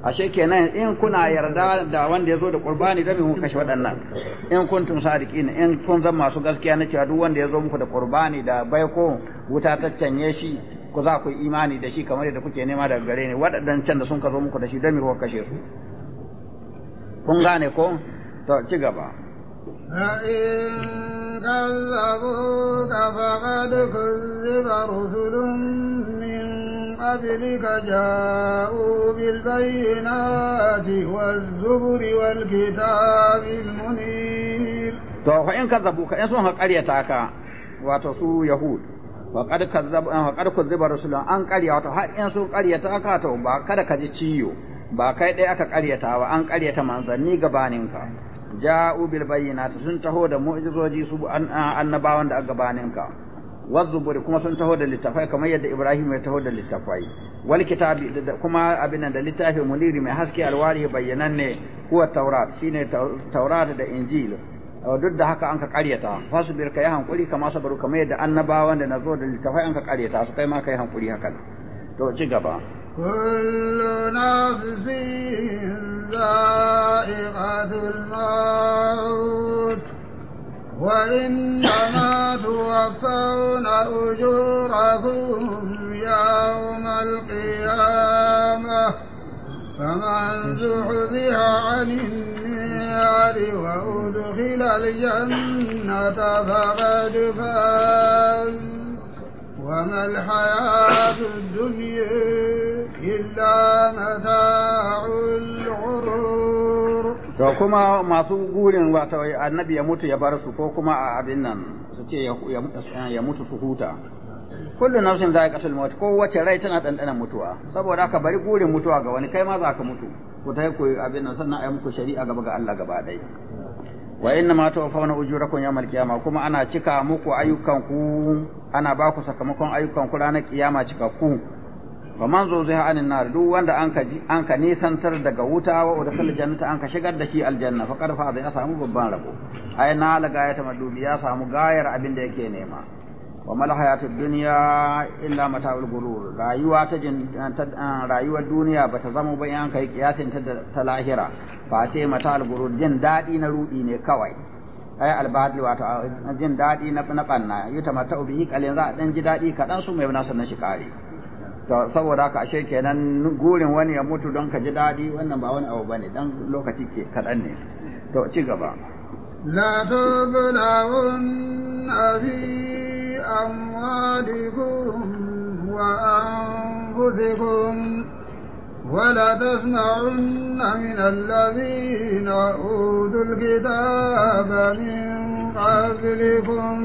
Ashe kenan in kuna yarda da wanda ya zo da ƙurbani zai kun kashe waɗannan, in kun tun ne, in kun zan masu gaskiya na cewa duk wanda ya zo muku da ƙurbani da baiko wuta ta canye shi, ku za ku imani da shi kamar yadda kuke nema daga gare ni, waɗannan can da sun ka zo muku da shi zai me kuka kashe su. Kun gane ko? To, ci gaba. كذبوك فقد كذب رسل من قبلك جاءوا بالبينات والزبر والكتاب المنير to fa in kazzabuka in sun haƙaryata ka wato su wa kad kazzab eh, an kad kuzziba rasulun an ƙarya wato har in sun ƙaryata ba kada ka ji ba kai ɗaya aka ƙaryata ba an ƙaryata manzanni gabaninka ja'u bil bayyinati sun taho da mu'jizoji su annabawan da aka gabanin ka wazzuburi kuma sun taho da littafai kamar yadda Ibrahim ya taho da littafai wal kitabi kuma abin da littafin muniri mai haske alwari ne huwa taurat shine taurat da injil duk da haka an ka karyata fasbir kai hankuri kama sabaru kamar yadda annabawan da nazo da littafai an ka karyata su kai ma kai hankuri hakan to ci gaba كل نفس ذائقة الموت وإنما توفون أجوركم يوم القيامة فمن زحزح عن النار وأدخل الجنة فقد فاز وما الحياة الدنيا إلا متاع الغرور to kuma masu gurin wato annabi ya mutu ya bar su ko kuma a abin nan su ce ya mutu su huta kullu nafsin za'iqatul maut ko wace rai tana dandanan mutuwa saboda aka bari gurin mutuwa ga wani kai ma za ka mutu ku ta ku abin nan sannan ayi muku shari'a gaba ga Allah gaba ɗaya wa inna ma tuwaffawna ujurakum yawmal qiyama kuma ana cika muku ayyukan ku ana ba ku sakamakon ku ranar kiyama cikakku fa man zuziha anin nar duk wanda an ka an ka nisantar daga wuta wa udkhil jannata an ka shigar da shi aljanna fa qad fa ya samu babban rabo ai na laga ya tamaddu ya samu gayar abin da yake nema wa mal hayatud dunya illa mata'ul gurur rayuwa ta jin rayuwar duniya bata zama ba kai kiyasin ta ta lahira fa ce mata'ul gurur jin dadi na rudi ne kawai ai albadli wato jin dadi na na banna ta mata'u bihi kalin za a dan ji dadi kaɗan su mai nasa na shi kare to saboda kashe ashe kenan gurin wani ya mutu don ka ji dadi wannan ba wani abu bane dan lokaci ke kadan ne to ci gaba لا تبلغن في أموالكم وأنفسكم ولتسمعن من الذين أوتوا الكتاب من قبلكم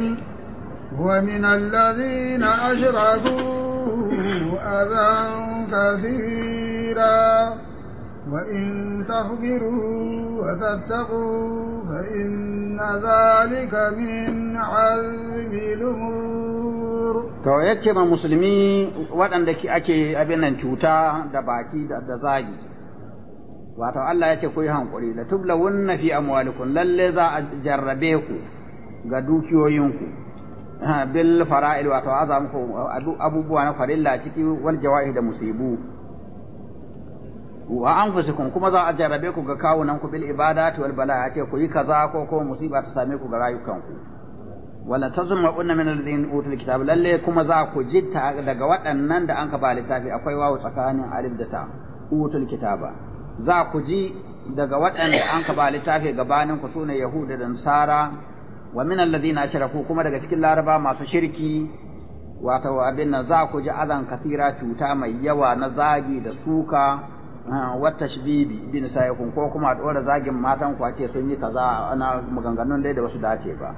ومن الذين أشركوا أذى كثيرا وإن تصبروا وتتقوا فإن ذلك من عزم الأمور to yace ma musulmi waɗanda ake abin cuta da baki da zagi wato Allah yace ku yi da la tublawunna fi amwalikum lalle za a jarrabe ku ga dukiyoyinku bil fara'il wato azamukum abubuwa na farilla ciki wal jawahi da musibu wa an anfusikum kuma za a jarrabe ku ga kawunan ku bil ta wal bala ce ku yi kaza ko ko musiba ta same ku ga rayukanku wala unna min alladhin utul kitab lalle kuma za ku jitta daga waɗannan da an ka ba littafi akwai wawu tsakanin alif da ta utul kitaba za ku ji daga waɗanda an ka ba littafi gabanin ku sune yahuda da nasara wa min alladhina ashraku kuma daga cikin laraba masu shirki wato abin nan za ku ji azan kafira cuta mai yawa na zagi da suka wata shibibi bin sayakun ko kuma a ɗora zagin matan kwace sun yi kaza ana maganganun dai da wasu dace ba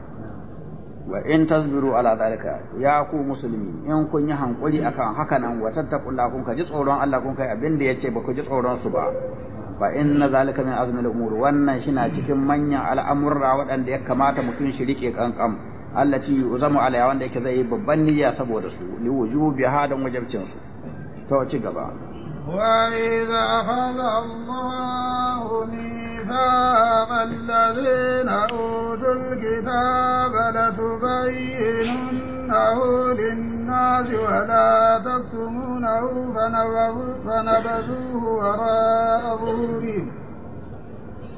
wa in tasbiru ala zalika ya ku musulmi in kun yi hankuri akan haka nan wa kun ka ji tsoron Allah kun kai abin da yace ba ku ji tsoron su ba fa inna zalika min azmi al-umur wannan shi na cikin manyan al'amurra waɗanda ya kamata mutum shi rike Allah ci uzamu ala wanda yake zai yi babban niyya saboda su li wujubi hadan wajabcin su to ci gaba وإذا أخذ الله ميثاق الذين أوتوا الكتاب لتبيننه للناس ولا تكتمونه فنبذوه وراء ظهورهم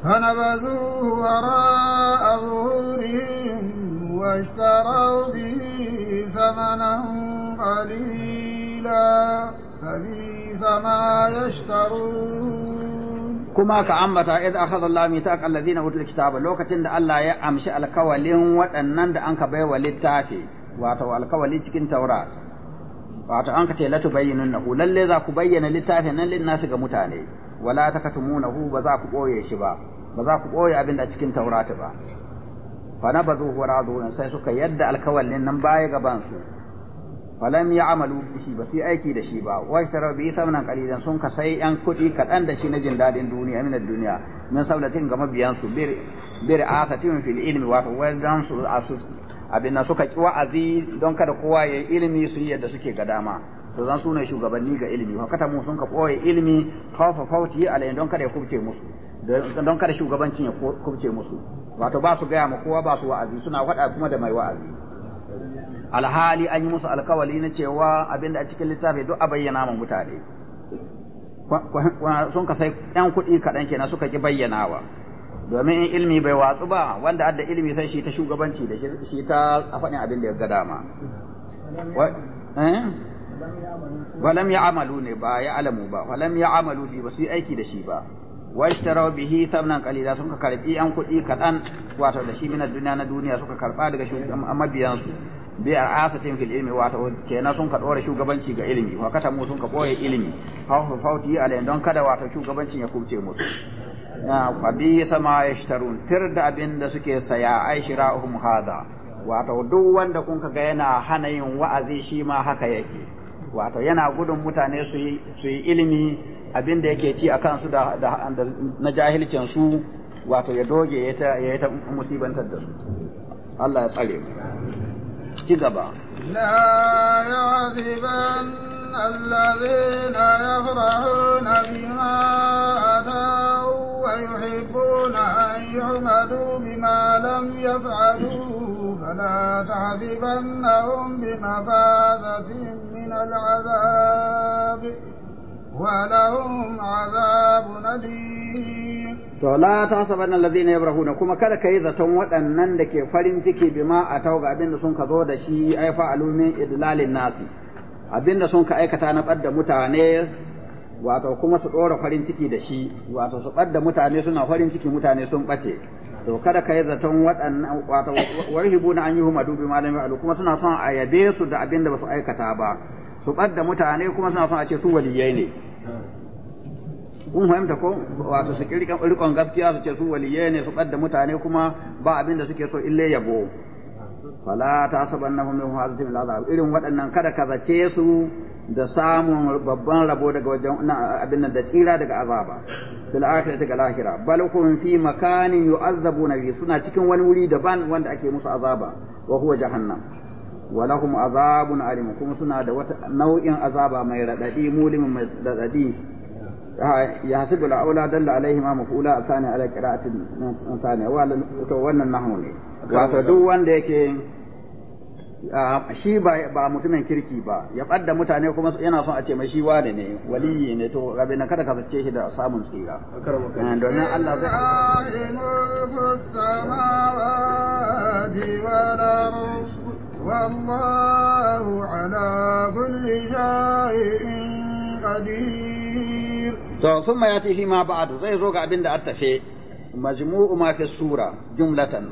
فنبذوه وراء ظهورهم واشتروا به ثمنا قليلا فبئس ما يشترون كما كأمتا إذ أخذ الله ميثاق الذين أوتوا الكتاب لو كتند الله da أمشي الكوالين وأنند أنك بيوا للتافي واتو الكوالي تكن توراة wato an ka ce la tubayyinunahu lalle za ku bayyana littafin nan lina su ga mutane wala takatumunahu ba za ku shi ba ba za ku ɓoye abin da cikin taurata ba sai suka yadda alkawalin nan baya gaban su falam ya amalu shi ba su aiki da shi ba wa ta rabi thamanan qalilan sun ka sai yan kuɗi kaɗan da shi na jin dadin duniya min duniya min saulatin ga mabiyan su bir bir asatin fil ilmi wa dan su asus abin suka ki wa'azi don kada kowa ya ilimi su yadda suke ga dama to zan sune shugabanni ga ilimi ha kata mu sun ka koye ilimi fauti ala alayhi don kada ya kubce musu don kada shugabancin ya kubce musu wato ba su gaya ma kowa ba su wa'azi suna faɗa kuma da mai wa'azi alhali an yi musu alkawali na cewa abinda a cikin littafi duk a bayyana ma mutane sun ka sai yan kuɗi kaɗan kenan suka ki bayyanawa domin in ilimi bai watsu ba wanda adda ilimi sai shi ta shugabanci da shi ta a faɗin abin da ya ga dama eh? walam ya amalu ne ba ya alamu ba walam ya amalu ba su yi aiki da shi ba washtarau bihi thamnan qalila sun ka karbi yan kuɗi kaɗan wato da shi min duniya na duniya suka karba daga mabiyan su bi asatin fil ilmi wato kenan sun ka dora shugabanci ga ilimi wa sun ka boye ilimi fa fauti alai don kada wato shugabancin ya kubce musu fa bi sama yashtarun tir da abin da suke saya ai shira'uhum hada wato duk wanda kun ka ga yana hana yin wa'azi shi ma haka yake wato yana gudun mutane su yi ilimi abin da yake ci a kansu da na jahilcin su wato ya doge ya ta ya ta musibantar da su Allah ya tsare mu ci gaba la yu'ziban alladhina yafrahuna bima atau wa yuhibbuna an yuhmadu bima lam yaf'alu فلا تحسبنهم بمفازة من العذاب ولهم عذاب أليم to la ta saban alladhina yabrahuna kuma kada kai zaton waɗannan da ke farin ciki bima a tauga ga abinda sun ka zo da shi ai fa alumin idlalin nasi abinda sun ka aikata na ɓadda mutane wato kuma su ɗora farin ciki da shi wato su ɓadda mutane suna farin ciki mutane sun ɓace to kada ka yi zaton waɗannan wato warhibu na an yi huma dubi malam ya'lu kuma suna son a yabe su da abin da ba su aikata ba su ɓadda mutane kuma suna son a ce su waliyai ne kun fahimta ko wato su rikon gaskiya su ce su waliyai ne su ɓadda mutane kuma ba abin da suke so ille yabo fala ta saban na min hazatin al'azab irin waɗannan kada ka zace su da samun babban rabo daga wajen abin nan da tsira daga azaba fil akhirati ga lahira bal kun fi makanin yu'azzabuna bi suna cikin wani wuri daban wanda ake musu azaba wa huwa jahannam ولهم عذاب عليم كما سنا ده وت نوع عذاب ما يرددي مولم ما يرددي يحسب الأولى دل عليهما مفعولا الثاني على قراءة ثانية Wannan النحو ne wato duk wanda yake shi ba mutumin kirki ba ya fadda mutane kuma yana son a ce mai shi wane ne waliyi ne to rabe na kada ka sace shi da samun tsira eh, domin Allah zai والله على كل شيء قدير to zai zo a tafe jumlatan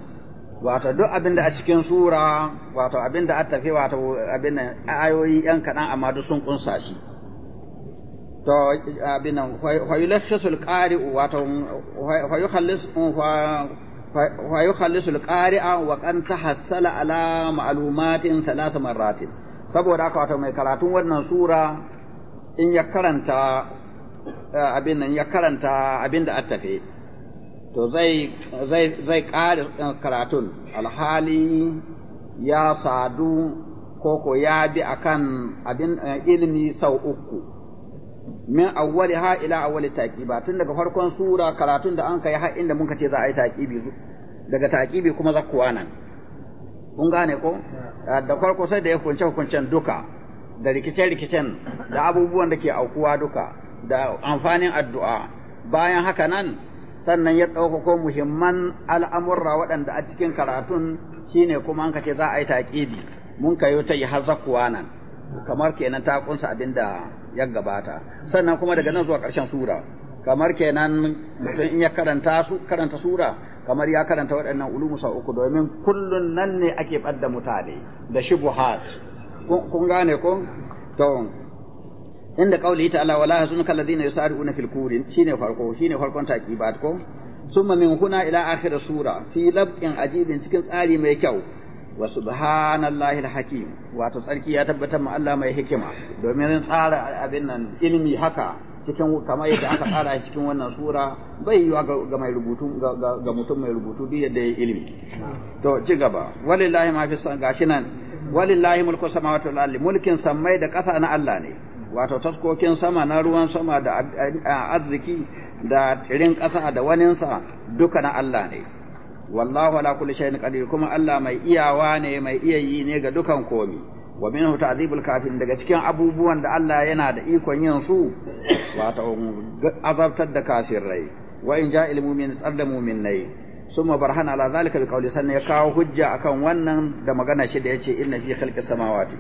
wato duk abin da a cikin sura wato abin da wato abin ayoyi yan kaɗan amma duk sun kunsa shi to abin nan fa yulakhisul qari'u wato fa yukhallis ويخلص القارئ وقد تحصل على معلومات ثلاث مرات saboda haka wato mai karatun wannan sura in ya karanta eh, abin nan ya karanta abin da attafe to zai zai zai ƙara eh, karatun alhali ya sadu koko ya bi akan abin eh, ilimi sau uku min awwali ha ila awwali taqiba tun daga farkon sura karatun da an kai har inda mun ce za a yi taqibi daga taqibi kuma za ku nan kun gane ko da farko sai da ya kunce hukuncen duka da rikice-rikicen da abubuwan da ke aukuwa duka da amfanin addu'a bayan haka nan sannan ya ɗaukako muhimman al'amurra waɗanda a cikin karatun shine kuma an ce za a yi taƙibi mun kayo ta yi har zakuwa nan kamar kenan ta kunsa abinda ya gabata sannan kuma daga nan zuwa ƙarshen sura kamar kenan mutum in ya karanta su karanta sura kamar ya karanta waɗannan ulumu sau uku domin kullun nan ne ake ɓadda mutane da shubuhat kun gane ko to inda qauli ta'ala wala hasunka alladhina yusari'una fil kurin shine farko shine farkon ba ko summa min huna ila akhir sura fi labqin ajibin cikin tsari mai kyau wa subhanallahi alhakim wato tsarki ya tabbatar ma Allah mai hikima domin tsara abin nan ilimi haka cikin kamar yadda aka tsara cikin wannan sura bai yiwa ga mai rubutu ga mutum mai rubutu duk yadda ya ilimi to ci gaba walillahi ma fi san gashi nan walillahi mulku samawati wal ardi mulkin sammai da ƙasa na Allah ne wato taskokin sama na ruwan sama da arziki da tsirin ƙasa da waninsa duka na Allah ne wallahu ala kulli shay'in qadir kuma Allah mai iyawa ne mai iya yi ne ga dukan komi wa minhu kafin kafirin daga cikin abubuwan da Allah yana da ikon yin su wato azabtar da kafirai wa in ja'il mu'min tsarda mu'minai summa barhana ala zalika bi qawli sanna ya kawo hujja akan wannan da magana shi da yace inna fi khalqis samawati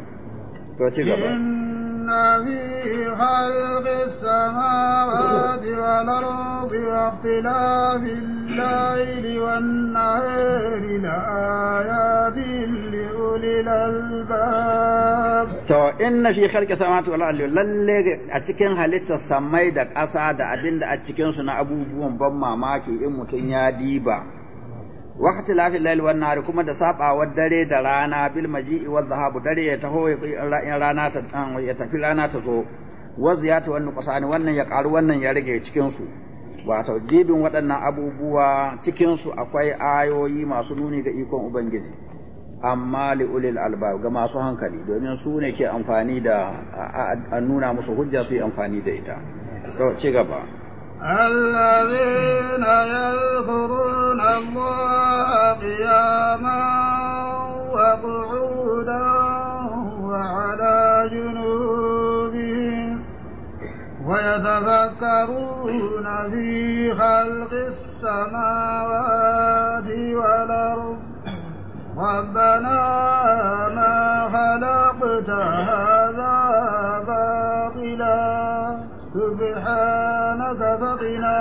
to ci gaba إن في خلق السماوات والأرض واختلاف الليل والنهار لآيات لأولي الألباب to inna fi khalqi samawati wal ardi lalle a cikin halittar samai da ƙasa da abin a cikinsu na abubuwan ban mamaki in mutum ya diba waqti lafi lail wan kuma da sabawar dare da rana bil maji'i wal dhahabu dare ya taho rana ta ya tafi rana ta zo wa ziyatu wan wannan ya karu wannan ya rage cikin su wato jibin waɗannan abubuwa cikin su akwai ayoyi masu nuni ga ikon ubangiji amma li ulil albab ga masu hankali domin su ne ke amfani da a nuna musu hujja su yi amfani da ita to ci gaba الذين يذكرون الله قياما وقعودا وعلى جنوبهم ويتفكرون في خلق السماوات والأرض ربنا ما خلقت هذا سبحانك فقنا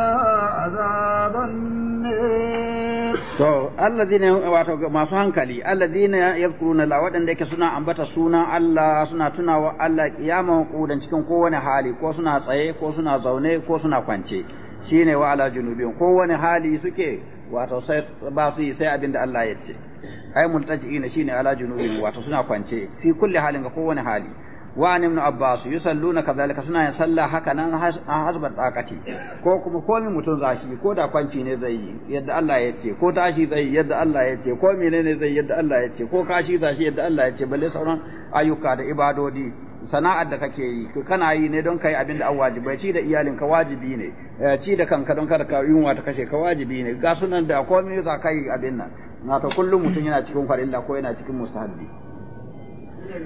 عذاب النار to alladhina wato masu hankali alladhina yadhkuruna la waɗanda yake suna ambata suna Allah suna tunawa Allah kiyama kudan cikin kowane hali ko suna tsaye ko suna zaune ko suna kwance shine wa ala junubin kowane hali suke wato sai ba su yi sai abin da Allah ya ce ai multajiina shine ala junubin wato suna kwance fi kulli halin ga kowane hali wa وعن ابن suna يصلون كذلك haka nan هكذا حسب طاقتي ko kuma komi mutum za shi ko da kwanci ne zai yi yadda Allah ya ce ko tashi zai yi yadda Allah ya ce ko ne zai yi yadda Allah ya ce ko kashi za shi yadda Allah ya ce balle sauran ayyuka da ibadodi sana'ar da kake yi kana yi ne don kai abin da an wajibai ci da iyalin ka wajibi ne ci da kanka don kada ka yunwa ta kashe ka wajibi ne ga sunan da komai za ka yi abin nan na ta kullum mutum yana cikin farilla ko yana cikin mustahabbi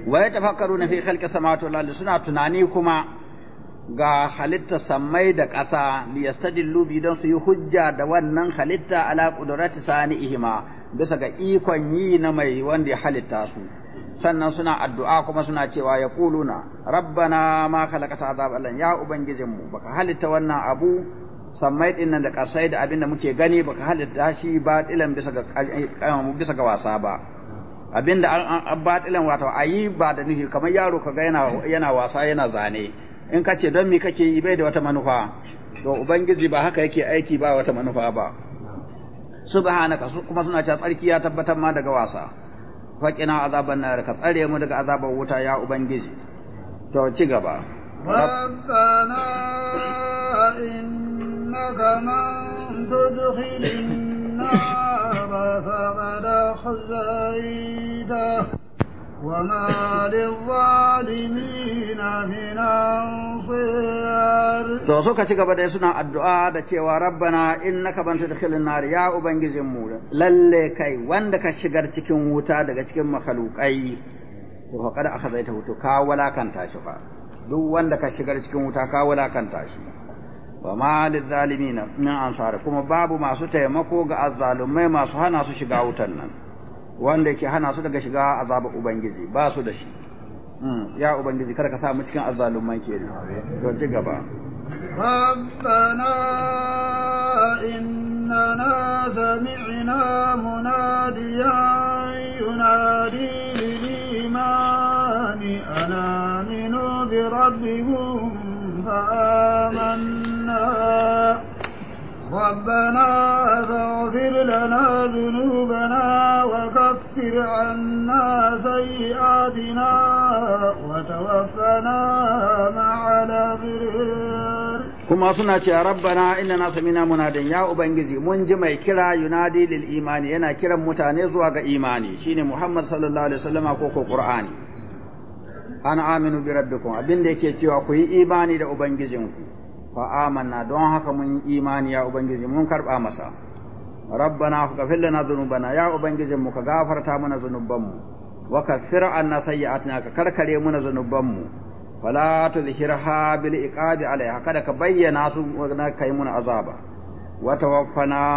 wa na fi khalqi samawati wal ardi suna tunani kuma ga halitta sammai da ƙasa li yastadillu bi don su yi hujja da wannan halitta ala qudrati ihima bisa ga ikon yi na mai wanda ya halitta su sannan suna addu'a kuma suna cewa ya kuluna rabbana ma khalaqata azab allan ya ubangijinmu baka halitta wannan abu sammai din nan da ƙasai da abin da muke gani baka halitta shi ba ilan bisa ga bisa ga wasa ba abinda an batilan wato ayi ba da nufi kamar yaro kaga yana yana wasa yana zane in ka ce don me kake yi bai da wata manufa to ubangiji ba haka yake aiki ba wata manufa ba subhanaka kuma suna cewa tsarki ya tabbatar ma daga wasa faqina azaban nar ka tsare mu daga azabar wuta ya ubangiji to ci gaba rabbana innaka man tudkhilin فقد خزيته وما للظالمين من أنصير to suka ci gaba dai suna addu'a da cewa rabbana innaka ban tudkhilin nar ya ubangijin mu lalle kai wanda ka shigar cikin wuta daga cikin makhluqai to faqad akhadhaita to ka walakanta shi fa duk wanda ka shigar cikin wuta ka walakanta shi wa ma lizalimina min ansar kuma babu masu taimako ga azzalumai masu hana su shiga wutan nan wanda yake hana su daga shiga azabar ubangiji ba su da shi hmm, ya ubangiji kada ka sa mu cikin azzalumai kenan to ci gaba ربنا إننا سمعنا مناديا ينادي للإيمان أنا آمنوا بربكم فآمنا ربنا فاغفر لنا ذنوبنا وكفر عنا سيئاتنا وتوفنا مع الأبرار kuma suna ce rabbana inna na samina munadin ya ubangiji mun ji mai kira yunadi lil imani yana kiran mutane zuwa ga imani shine muhammad sallallahu alaihi wasallama ko ko qur'ani an aminu bi rabbikum abin da yake cewa ku yi imani da ubangijinku fa amanna don haka mun yi imani ya ubangiji mun karba masa rabbana faghfir lana dhunubana ya ubangijin mu ka gafarta mana mu wa kaffir anna sayyi'atina ka karkare mana mu fala tuzhirha bil iqabi alaiha kada ka bayyana su na kai mana azaba Wata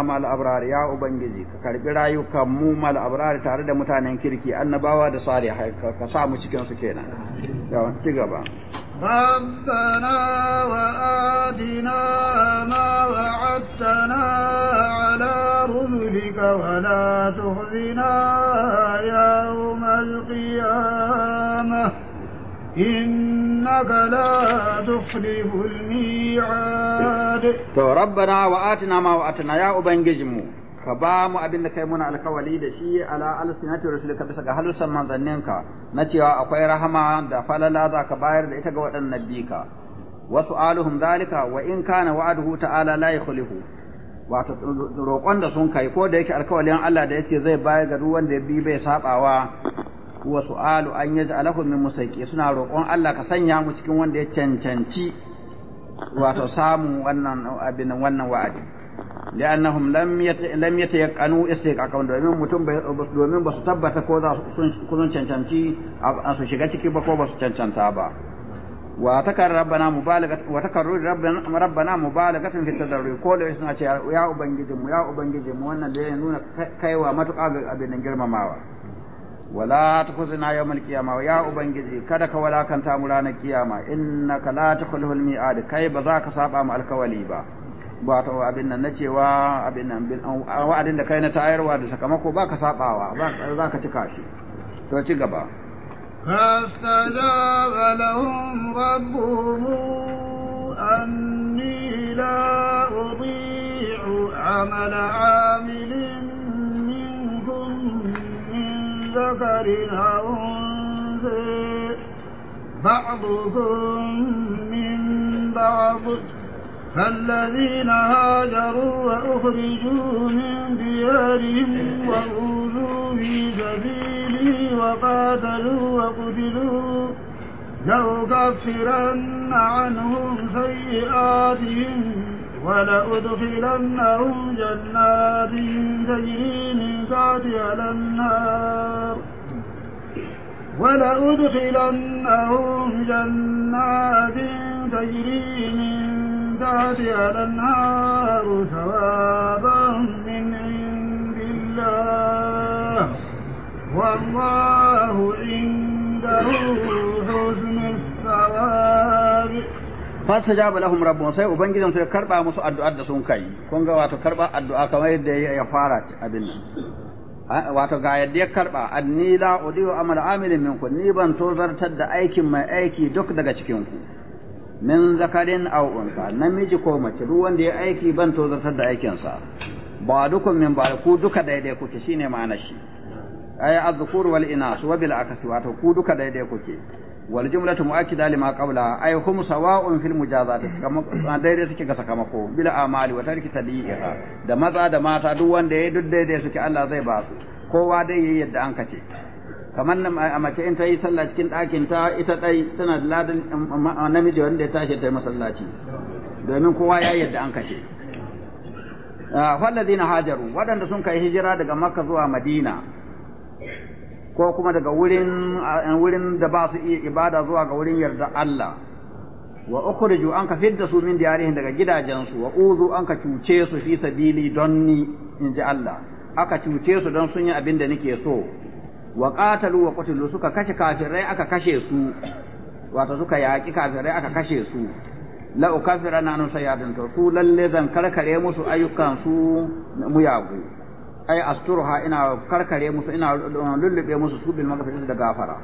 mal abrar ya ubangiji ka karbi rayukan mu mal tare da mutanen kirki annabawa da sarih ka sa mu cikin su kenan ya wanci gaba rabbana wa adina ma wa'adtana ala rusulika wa la tuhzina yawmal qiyamah إنك لا تخلف الميعاد تو ربنا وآتنا ما وآتنا يا أبنجزمو ka ba mu abin da kai muna alkawali da shi ala alsinati rasulika bisa ga halusan manzanninka na cewa akwai rahama da falala za ka bayar da ita ga waɗannan bika wasu aluhum zalika wa in kana wa'aduhu ta'ala la yukhlifu wato roƙon da sun kai ko da yake alkawalin Allah da ce zai bayar ga duk wanda ya biyu bai sabawa wa su'alu an yaj'alahum min mustaqi suna roƙon Allah ka sanya mu cikin wanda ya cancanci wato samu wannan abin wannan wa'adi li'annahum lam lam yatayaqqanu istiqaqan domin mutum domin ba su tabbata ko za su sun cancanci su shiga ciki ba ko ba su cancanta ba wa takar rabbana mubalagat wa takar rabbana mubalagatan fi tadarrur ko da suna ce ya mu ya mu, wannan da ya nuna kaiwa matuƙa ga abin girmamawa wala tukhzina yawmal qiyamah ya ubangiji kada ka walakanta mu ranar kiyama innaka la tukhulul mi'ad kai ba za ka saba mu alkawali ba ba abin nan na cewa abin nan bin wa'adin da kai na tayarwa da sakamako ba ka za ka cika shi to ci gaba فاستجاب لهم ربهم أني لا أضيع عمل عامل ذكر أو أنثى بعضكم من بعض فالذين هاجروا وأخرجوا من ديارهم وأوذوا في سبيلي وقاتلوا وقتلوا لأكفرن عنهم سيئاتهم ولأدخلنهم جنات تجري من تحتها النار ولأدخلنهم جنات تجري من تحتها النار ثوابا من عند الله والله عنده حسن الثواب jaba lahum rabbuhum sai ubangijin su ya karba musu addu'ar da sun kai kun ga wato karba addu'a kamar yadda ya fara abin nan wato ga yadda ya karba anni la udiyu amal amilin minkum ni ban tozartar da aikin mai aiki duk daga cikin ku min zakarin aw unsa namiji ko mace duk wanda ya aiki ban tozartar da aikin sa ba dukun min ba ku duka daidai kuke shine ma'anar shi ay az wal inas wa bil akasi wato ku duka daidai kuke wal jumlatu mu'akkida lima qabla ay hum sawa'un fil mujazati daidai suke ga sakamako bila amali wa tarki tadiha da maza da mata duk wanda ya duk daidai suke Allah zai ba su kowa dai yayi yadda an kace kamar a mace in ta yi sallah cikin ɗakin ta ita ɗai tana da namiji wanda ya tashi ta yi masallaci domin kowa ya yadda an kace walladina hajaru waɗanda sun kai hijira daga makka zuwa madina ko kuma daga wurin da ba su iya ibada zuwa ga wurin yarda Allah wa ukhriju an ka fidda su min diyarihim daga gidajensu wa uzu an ka cuce su fi sabili don ni in ji Allah aka cuce su don sun yi abin da nake so wa qatalu wa qutilu suka kashe kafirai aka kashe su wato suka yaƙi kafirai aka kashe su la ukafirana na nan to su lalle zan karkare musu ayyukan su muyagu ai asturha ina karkare musu ina lullube musu su bil da gafara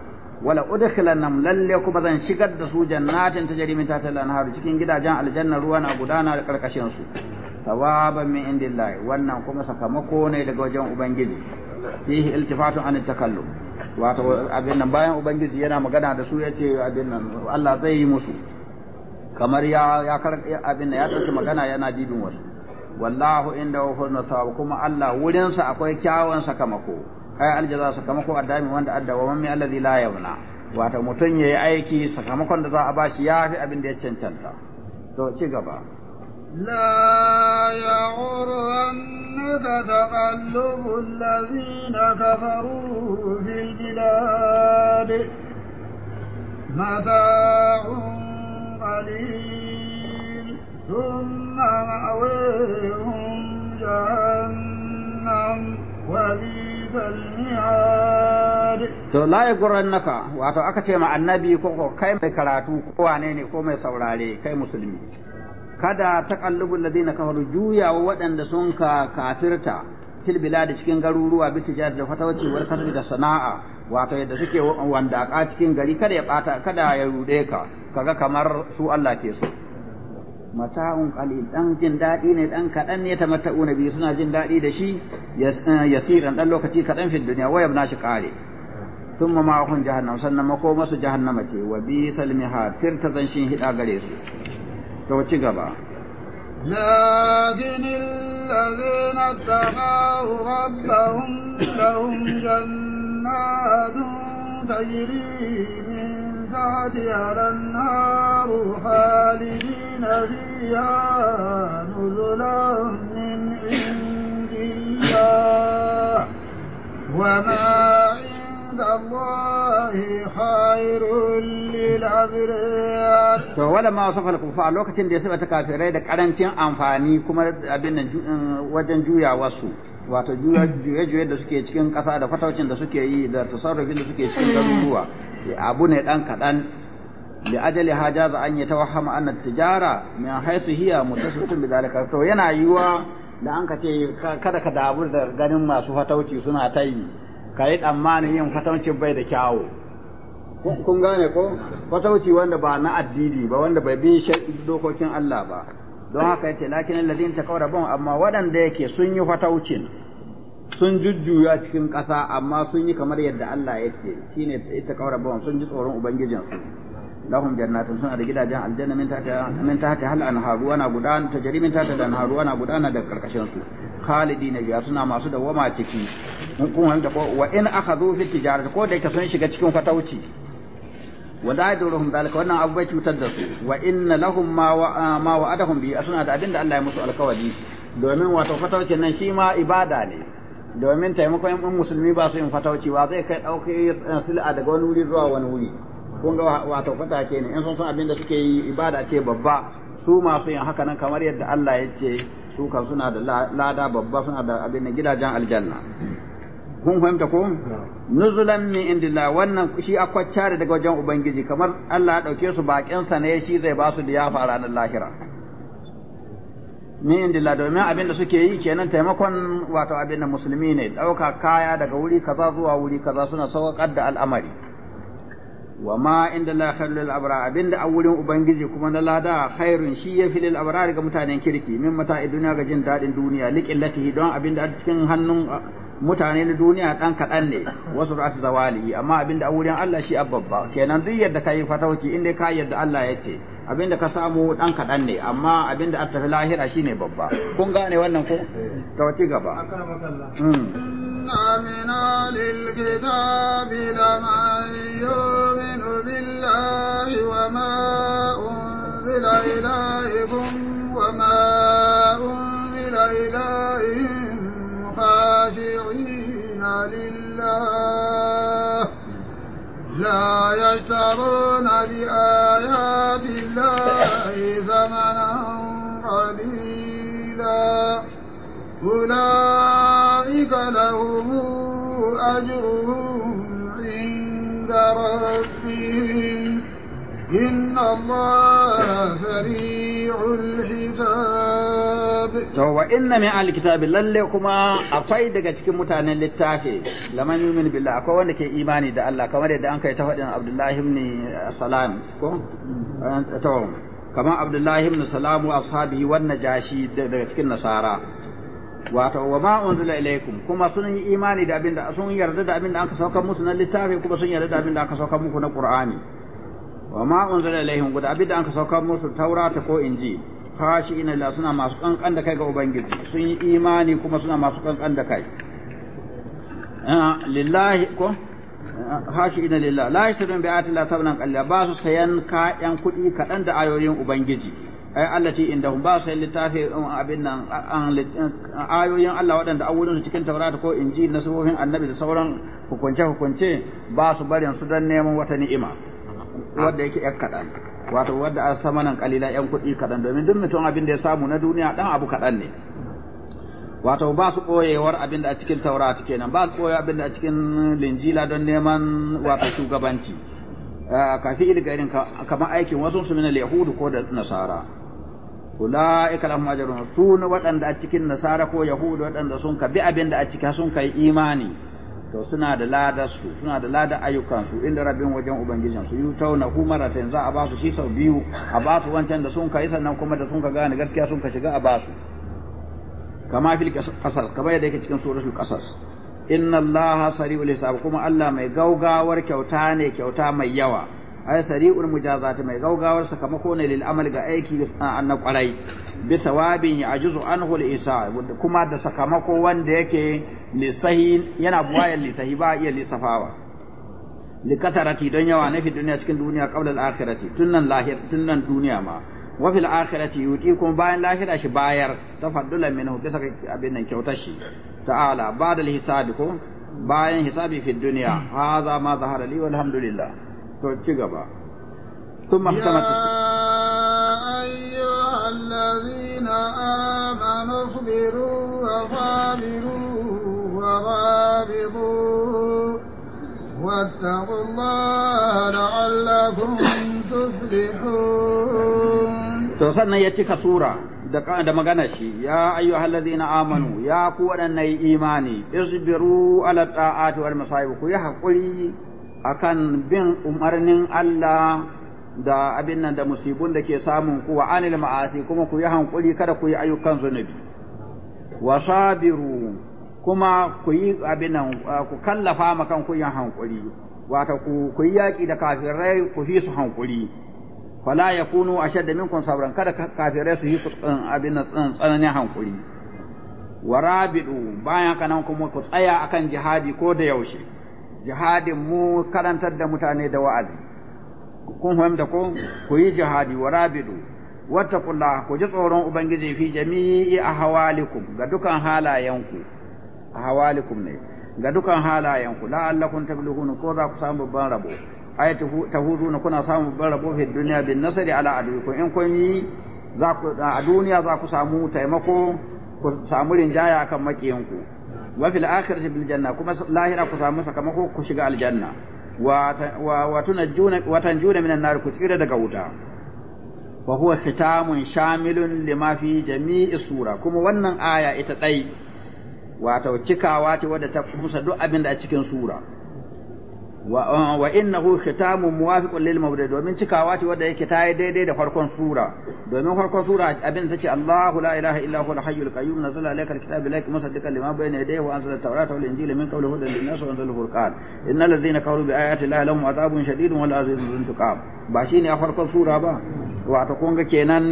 wala udkhilannam lalle kuma zan shigar da su jannatin ta jarimin ta al-anhar cikin gidajen aljanna ruwa na gudana da karkashin su thawaban min indillahi wannan kuma sakamako ne daga wajen ubangiji fihi iltifatun an takallum wato abin nan bayan ubangiji yana magana da su yace abin nan Allah zai yi musu kamar ya ya abin nan ya dauki magana yana didin wasu wallahu inda wa hurna sawab kuma Allah wurinsa akwai kyawun sakamako Kai aljaza sakamako dami wanda addawa mammi alladhi la yawna wato mutum yayi aiki sakamakon da za a bashi yafi abin da ya cancanta to ci gaba لا يغرنك تقلب الذين كفروا في البلاد متاع قليل ثم مأويهم جهنم وبئس المهاد to la ya naka wato aka ce ma annabi ko kai mai karatu ko wane ne ko mai saurare kai musulmi kada ta taqallubul ladina kafaru juyawa waɗanda sun ka kafirta fil da cikin garuruwa bi tijar da fatawaci wal kasbi da sana'a wato yadda suke wanda cikin gari kada ya bata kada ya rude ka kaga kamar su Allah ke so mata'un qalil dan jin daɗi ne dan kaɗan ne tamatta'una biyu suna jin daɗi da shi eh, yasiran dan lokaci kaɗan fi duniya waya na shi kare thumma ma'ahum jahannam sannan makoma masu jahannama ce wa bi salmiha tirtazan shin hida gare su to ci gaba لكن الذين اتقوا ربهم لهم جنات تجري من تحتها الأنهار خالدين فيها نزلا من عند الله وما عند الله خالد خير للعبرات to wala ma wasafa al kufa lokacin da ya saba ta kafirai da karancin amfani kuma abin nan eh, wajen juya wasu wato juya juya juya da suke cikin kasa da fataucin da suke yi da tasarrufin da suke cikin garuruwa abu ne dan kadan da ajali za an yatawahhama ta tijara min haythu hiya mutasarrifun bidalika to yana yiwa da an ka ce kada ka abu da ganin masu fatauci suna ta yi ka yi tsammanin yin fataucin bai da kyawu kun gane ko fatauci wanda ba na addini ba wanda bai bi dokokin Allah ba don haka yace lakin alladin takarabun amma waɗanda yake sun yi fataucin sun jujjuya cikin ƙasa amma sun yi kamar yadda Allah yake shine ita kaurabun sun ji tsoron ubangijin su lahum jannatun suna da gidajen aljanna min tahta min tahta hal anharu wana gudan tajri min tahta anharu wana gudana da karkashin su khalidin biya suna masu dawama ciki kun wanda wa in akhadhu fi tijarati ko da yake sun shiga cikin fatauci wa da yaduruhum zalika wannan abu bai cutar da su wa inna lahum ma ah, ma wa'adahum bi asuna da abinda Allah ya musu alkawari domin wato fataucin nan shi ma ibada ne domin taimakon in musulmi ba su yin fatauci wa zai kai dauke sil'a daga wani wuri zuwa wani wuri kun ga wato fata ke ne in sun san abinda suke yi ibada ce babba su masu yin haka nan kamar yadda Allah ya ce su kan suna da lada babba suna da abin gidajen aljanna kun fahimta ko nuzulan min indilla wannan shi akwacca da daga wajen ubangiji kamar Allah ya dauke su bakin sa ne shi zai ba su liyafa ranar lahira min indilla domin abin da suke yi kenan taimakon wato abin da musulmi ne ɗauka kaya daga wuri kaza zuwa wuri kaza suna sauƙar da al'amari wa ma inda la khairu lil abrar abinda a wurin ubangiji kuma na lada khairun shi ya fi lil abrar ga mutanen kirki min mata duniya ga jin dadin duniya liqillati don abinda a cikin hannun mutane na duniya dan kadan ne wasu su zawali amma abinda a wurin Allah shi abbabba kenan duk yadda kai fatawci inda ka yadda Allah ya ce abinda ka samu dan kadan ne amma abinda a tafi lahira shine babba kun gane wannan ko ta ci gaba من أهل hmm. بالله وما أنزل إليكم وما أنزل إليهم خاشعين لله لا يشترون بآيات الله ثمنا قليلا أولئك لهم أجرهم الظالمين إن الله سريع الحساب kuma akwai daga cikin mutanen littafi ke imani da Allah kamar yadda an najashi daga cikin nasara wato wa ma unzila ilaikum kuma sun yi imani da abin da sun yarda da abin da aka saukar musu na littafi kuma sun yarda da abin da aka saukar muku na qur'ani wa ma unzila ilaihim guda abin da aka saukar musu taurata ko inji fashi ina la suna masu kankan da kai ga ubangiji sun yi imani kuma suna masu kankan da kai ah, lillahi ko ah, hashi ina lillahi la yashtarun bi la tabnan qalila ba su sayan kayan kuɗi kaɗan da ayoyin ubangiji ay allati indahum ba sai littafi um, abin nan ayoyin Allah waɗanda an wurin cikin Taurata ko Injil na sufofin Annabi da sauran hukunce hukunce ba su barin su dan neman wata ni'ima wanda yake yar kaɗan wato wanda a sama nan kalila yan kuɗi kaɗan domin duk mutum abin da ya samu na duniya ɗan abu kaɗan ne wato ba su ɓoyewar abin da a cikin Taurata kenan ba su ɓoye abin da a cikin Linjila don neman wato shugabanci Eh, ka fi'il gairin kamar aikin wasu su minal yahudu ko da nasara ulaika lahum ajrun sun waɗanda a cikin nasara ko yahudu waɗanda sun ka bi abin da a ciki sun kai imani to suna da ladar su suna da ladar ayyukan su inda rabin wajen ubangijin su yu tauna kuma rafin za a ba shi sau biyu a ba su wancan da sun kai sannan kuma da sun ka gane gaskiya sun ka shiga a ba su kama fil kasas kamar yadda yake cikin suratul kasas inna allaha sari'ul hisab kuma Allah mai gaugawar kyauta ne kyauta mai yawa ai sari'ul mujazati mai gaugawar sakamako ne lil amal ga aiki na kwarai bi thawabin ya'juzu anhu al isa kuma da sakamako wanda yake lisahi yana buwaye lisahi ba iya lisafawa likatarati don yawa na fi duniya cikin duniya qabla al akhirati tunnan lahir tunnan duniya ma wa fil akhirati yuti kuma bayan lahira shi bayar tafaddulan minhu bisa abin nan kyautar shi ta'ala ba'da al-hisabi ko bayan hisabi fi dunya hadha ma zahara li walhamdulillah to ci gaba ثم اختمت أيها الذين آمنوا اصبروا وصابروا ورابطوا واتقوا الله لعلكم تفلحون. توصلنا يتيك سورة da magana shi ya ayu ladzina amanu ya ku wadannan yi imani isbiru ala ta'ati wal masaib ku yi hakuri akan bin umarnin Allah da abin nan da musibun da ke samun ku wa anil ma'asi kuma ku yi hankuri kada ku yi ayyukan zunubi wa sabiru kuma ku yi abin nan ku kallafa makan ku yi hankuri wato ku yi yaƙi da kafirai ku fi su hankuri fala a ashadda minkum sabran kada kafirai su yi abin tsananin hankuri warabidu bayan kana kuma ku tsaya akan jihadi ko da yaushe jihadin mu karantar da mutane da wa'azi kun fahimta ko ku yi jihadi warabidu wattaqullaha ku ji tsoron ubangiji fi jami'i ahwalikum ga dukan halayenku ahwalikum ne ga dukan halayenku la'allakum tablughun ko za ku samu babban rabo ay na kuna samu rabo fi duniya bin nasari ala adukum in kun yi za ku a duniya za ku samu taimako ku samu rinjaya akan makiyanku wa fil akhirati bil janna kuma lahira ku samu sakamako ku shiga aljanna wa wa tunajjuna wa tanjuna minan nar ku tsira daga wuta wa huwa khitamun shamilun lima fi jami'i sura kuma wannan aya ita dai wato cikawa ce wadda ta kusa duk abin da a cikin sura wa innahu khitamun muwafiqun lil mawdud domin cikawa ce wadda yake ta yi daidai da farkon sura domin farkon sura abin da take Allahu la ilaha illa huwa al-hayyul qayyum nazala alayka al-kitaba bilayka musaddiqan lima bayna yadayhi wa anzala at-taurata wal injila min qawlihi hudan lin-nas wa anzala al-furqan innal ladhina kafaru bi ayati llahi lahum adhabun shadidun wal azabun intiqam ba shine a farkon sura ba wato kun ga kenan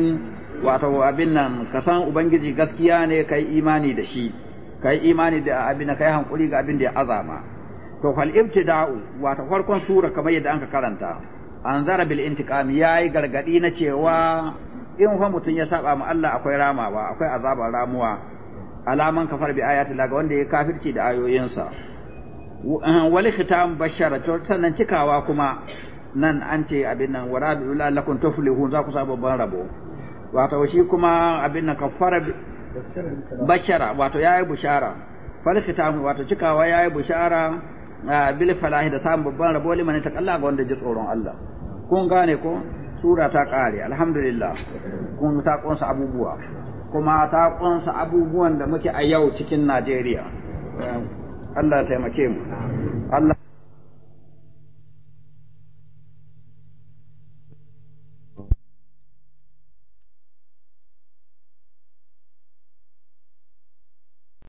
wato abin nan ka san ubangiji gaskiya ne kai imani da shi kai imani da abin kai hankuri ga abin da ya azama to fal ibtida'u wato farkon sura kamar yadda anka karanta an zara bil intiqam yayi gargadi na cewa in fa mutun ya saba ma Allah akwai rama ba, akwai azabar ramuwa alaman kafar bi ayati la ga wanda ya kafirci da ayoyinsa wal khitam bashara to sannan cikawa kuma nan an ce abin nan wa la lakum tuflihun za ku saba babban rabo wato shi kuma abin nan kafar bashara wato yayi bushara fal khitam wato cikawa yayi bushara Ah, bil falahi da samun babban rabo liman ta kalla ga wanda ji tsoron Allah kun gane ko sura ta kare alhamdulillah kun ta kunsa abubuwa kuma ta kunsa abubuwan da muke a yau cikin Najeriya ah, Allah ya taimake mu Allah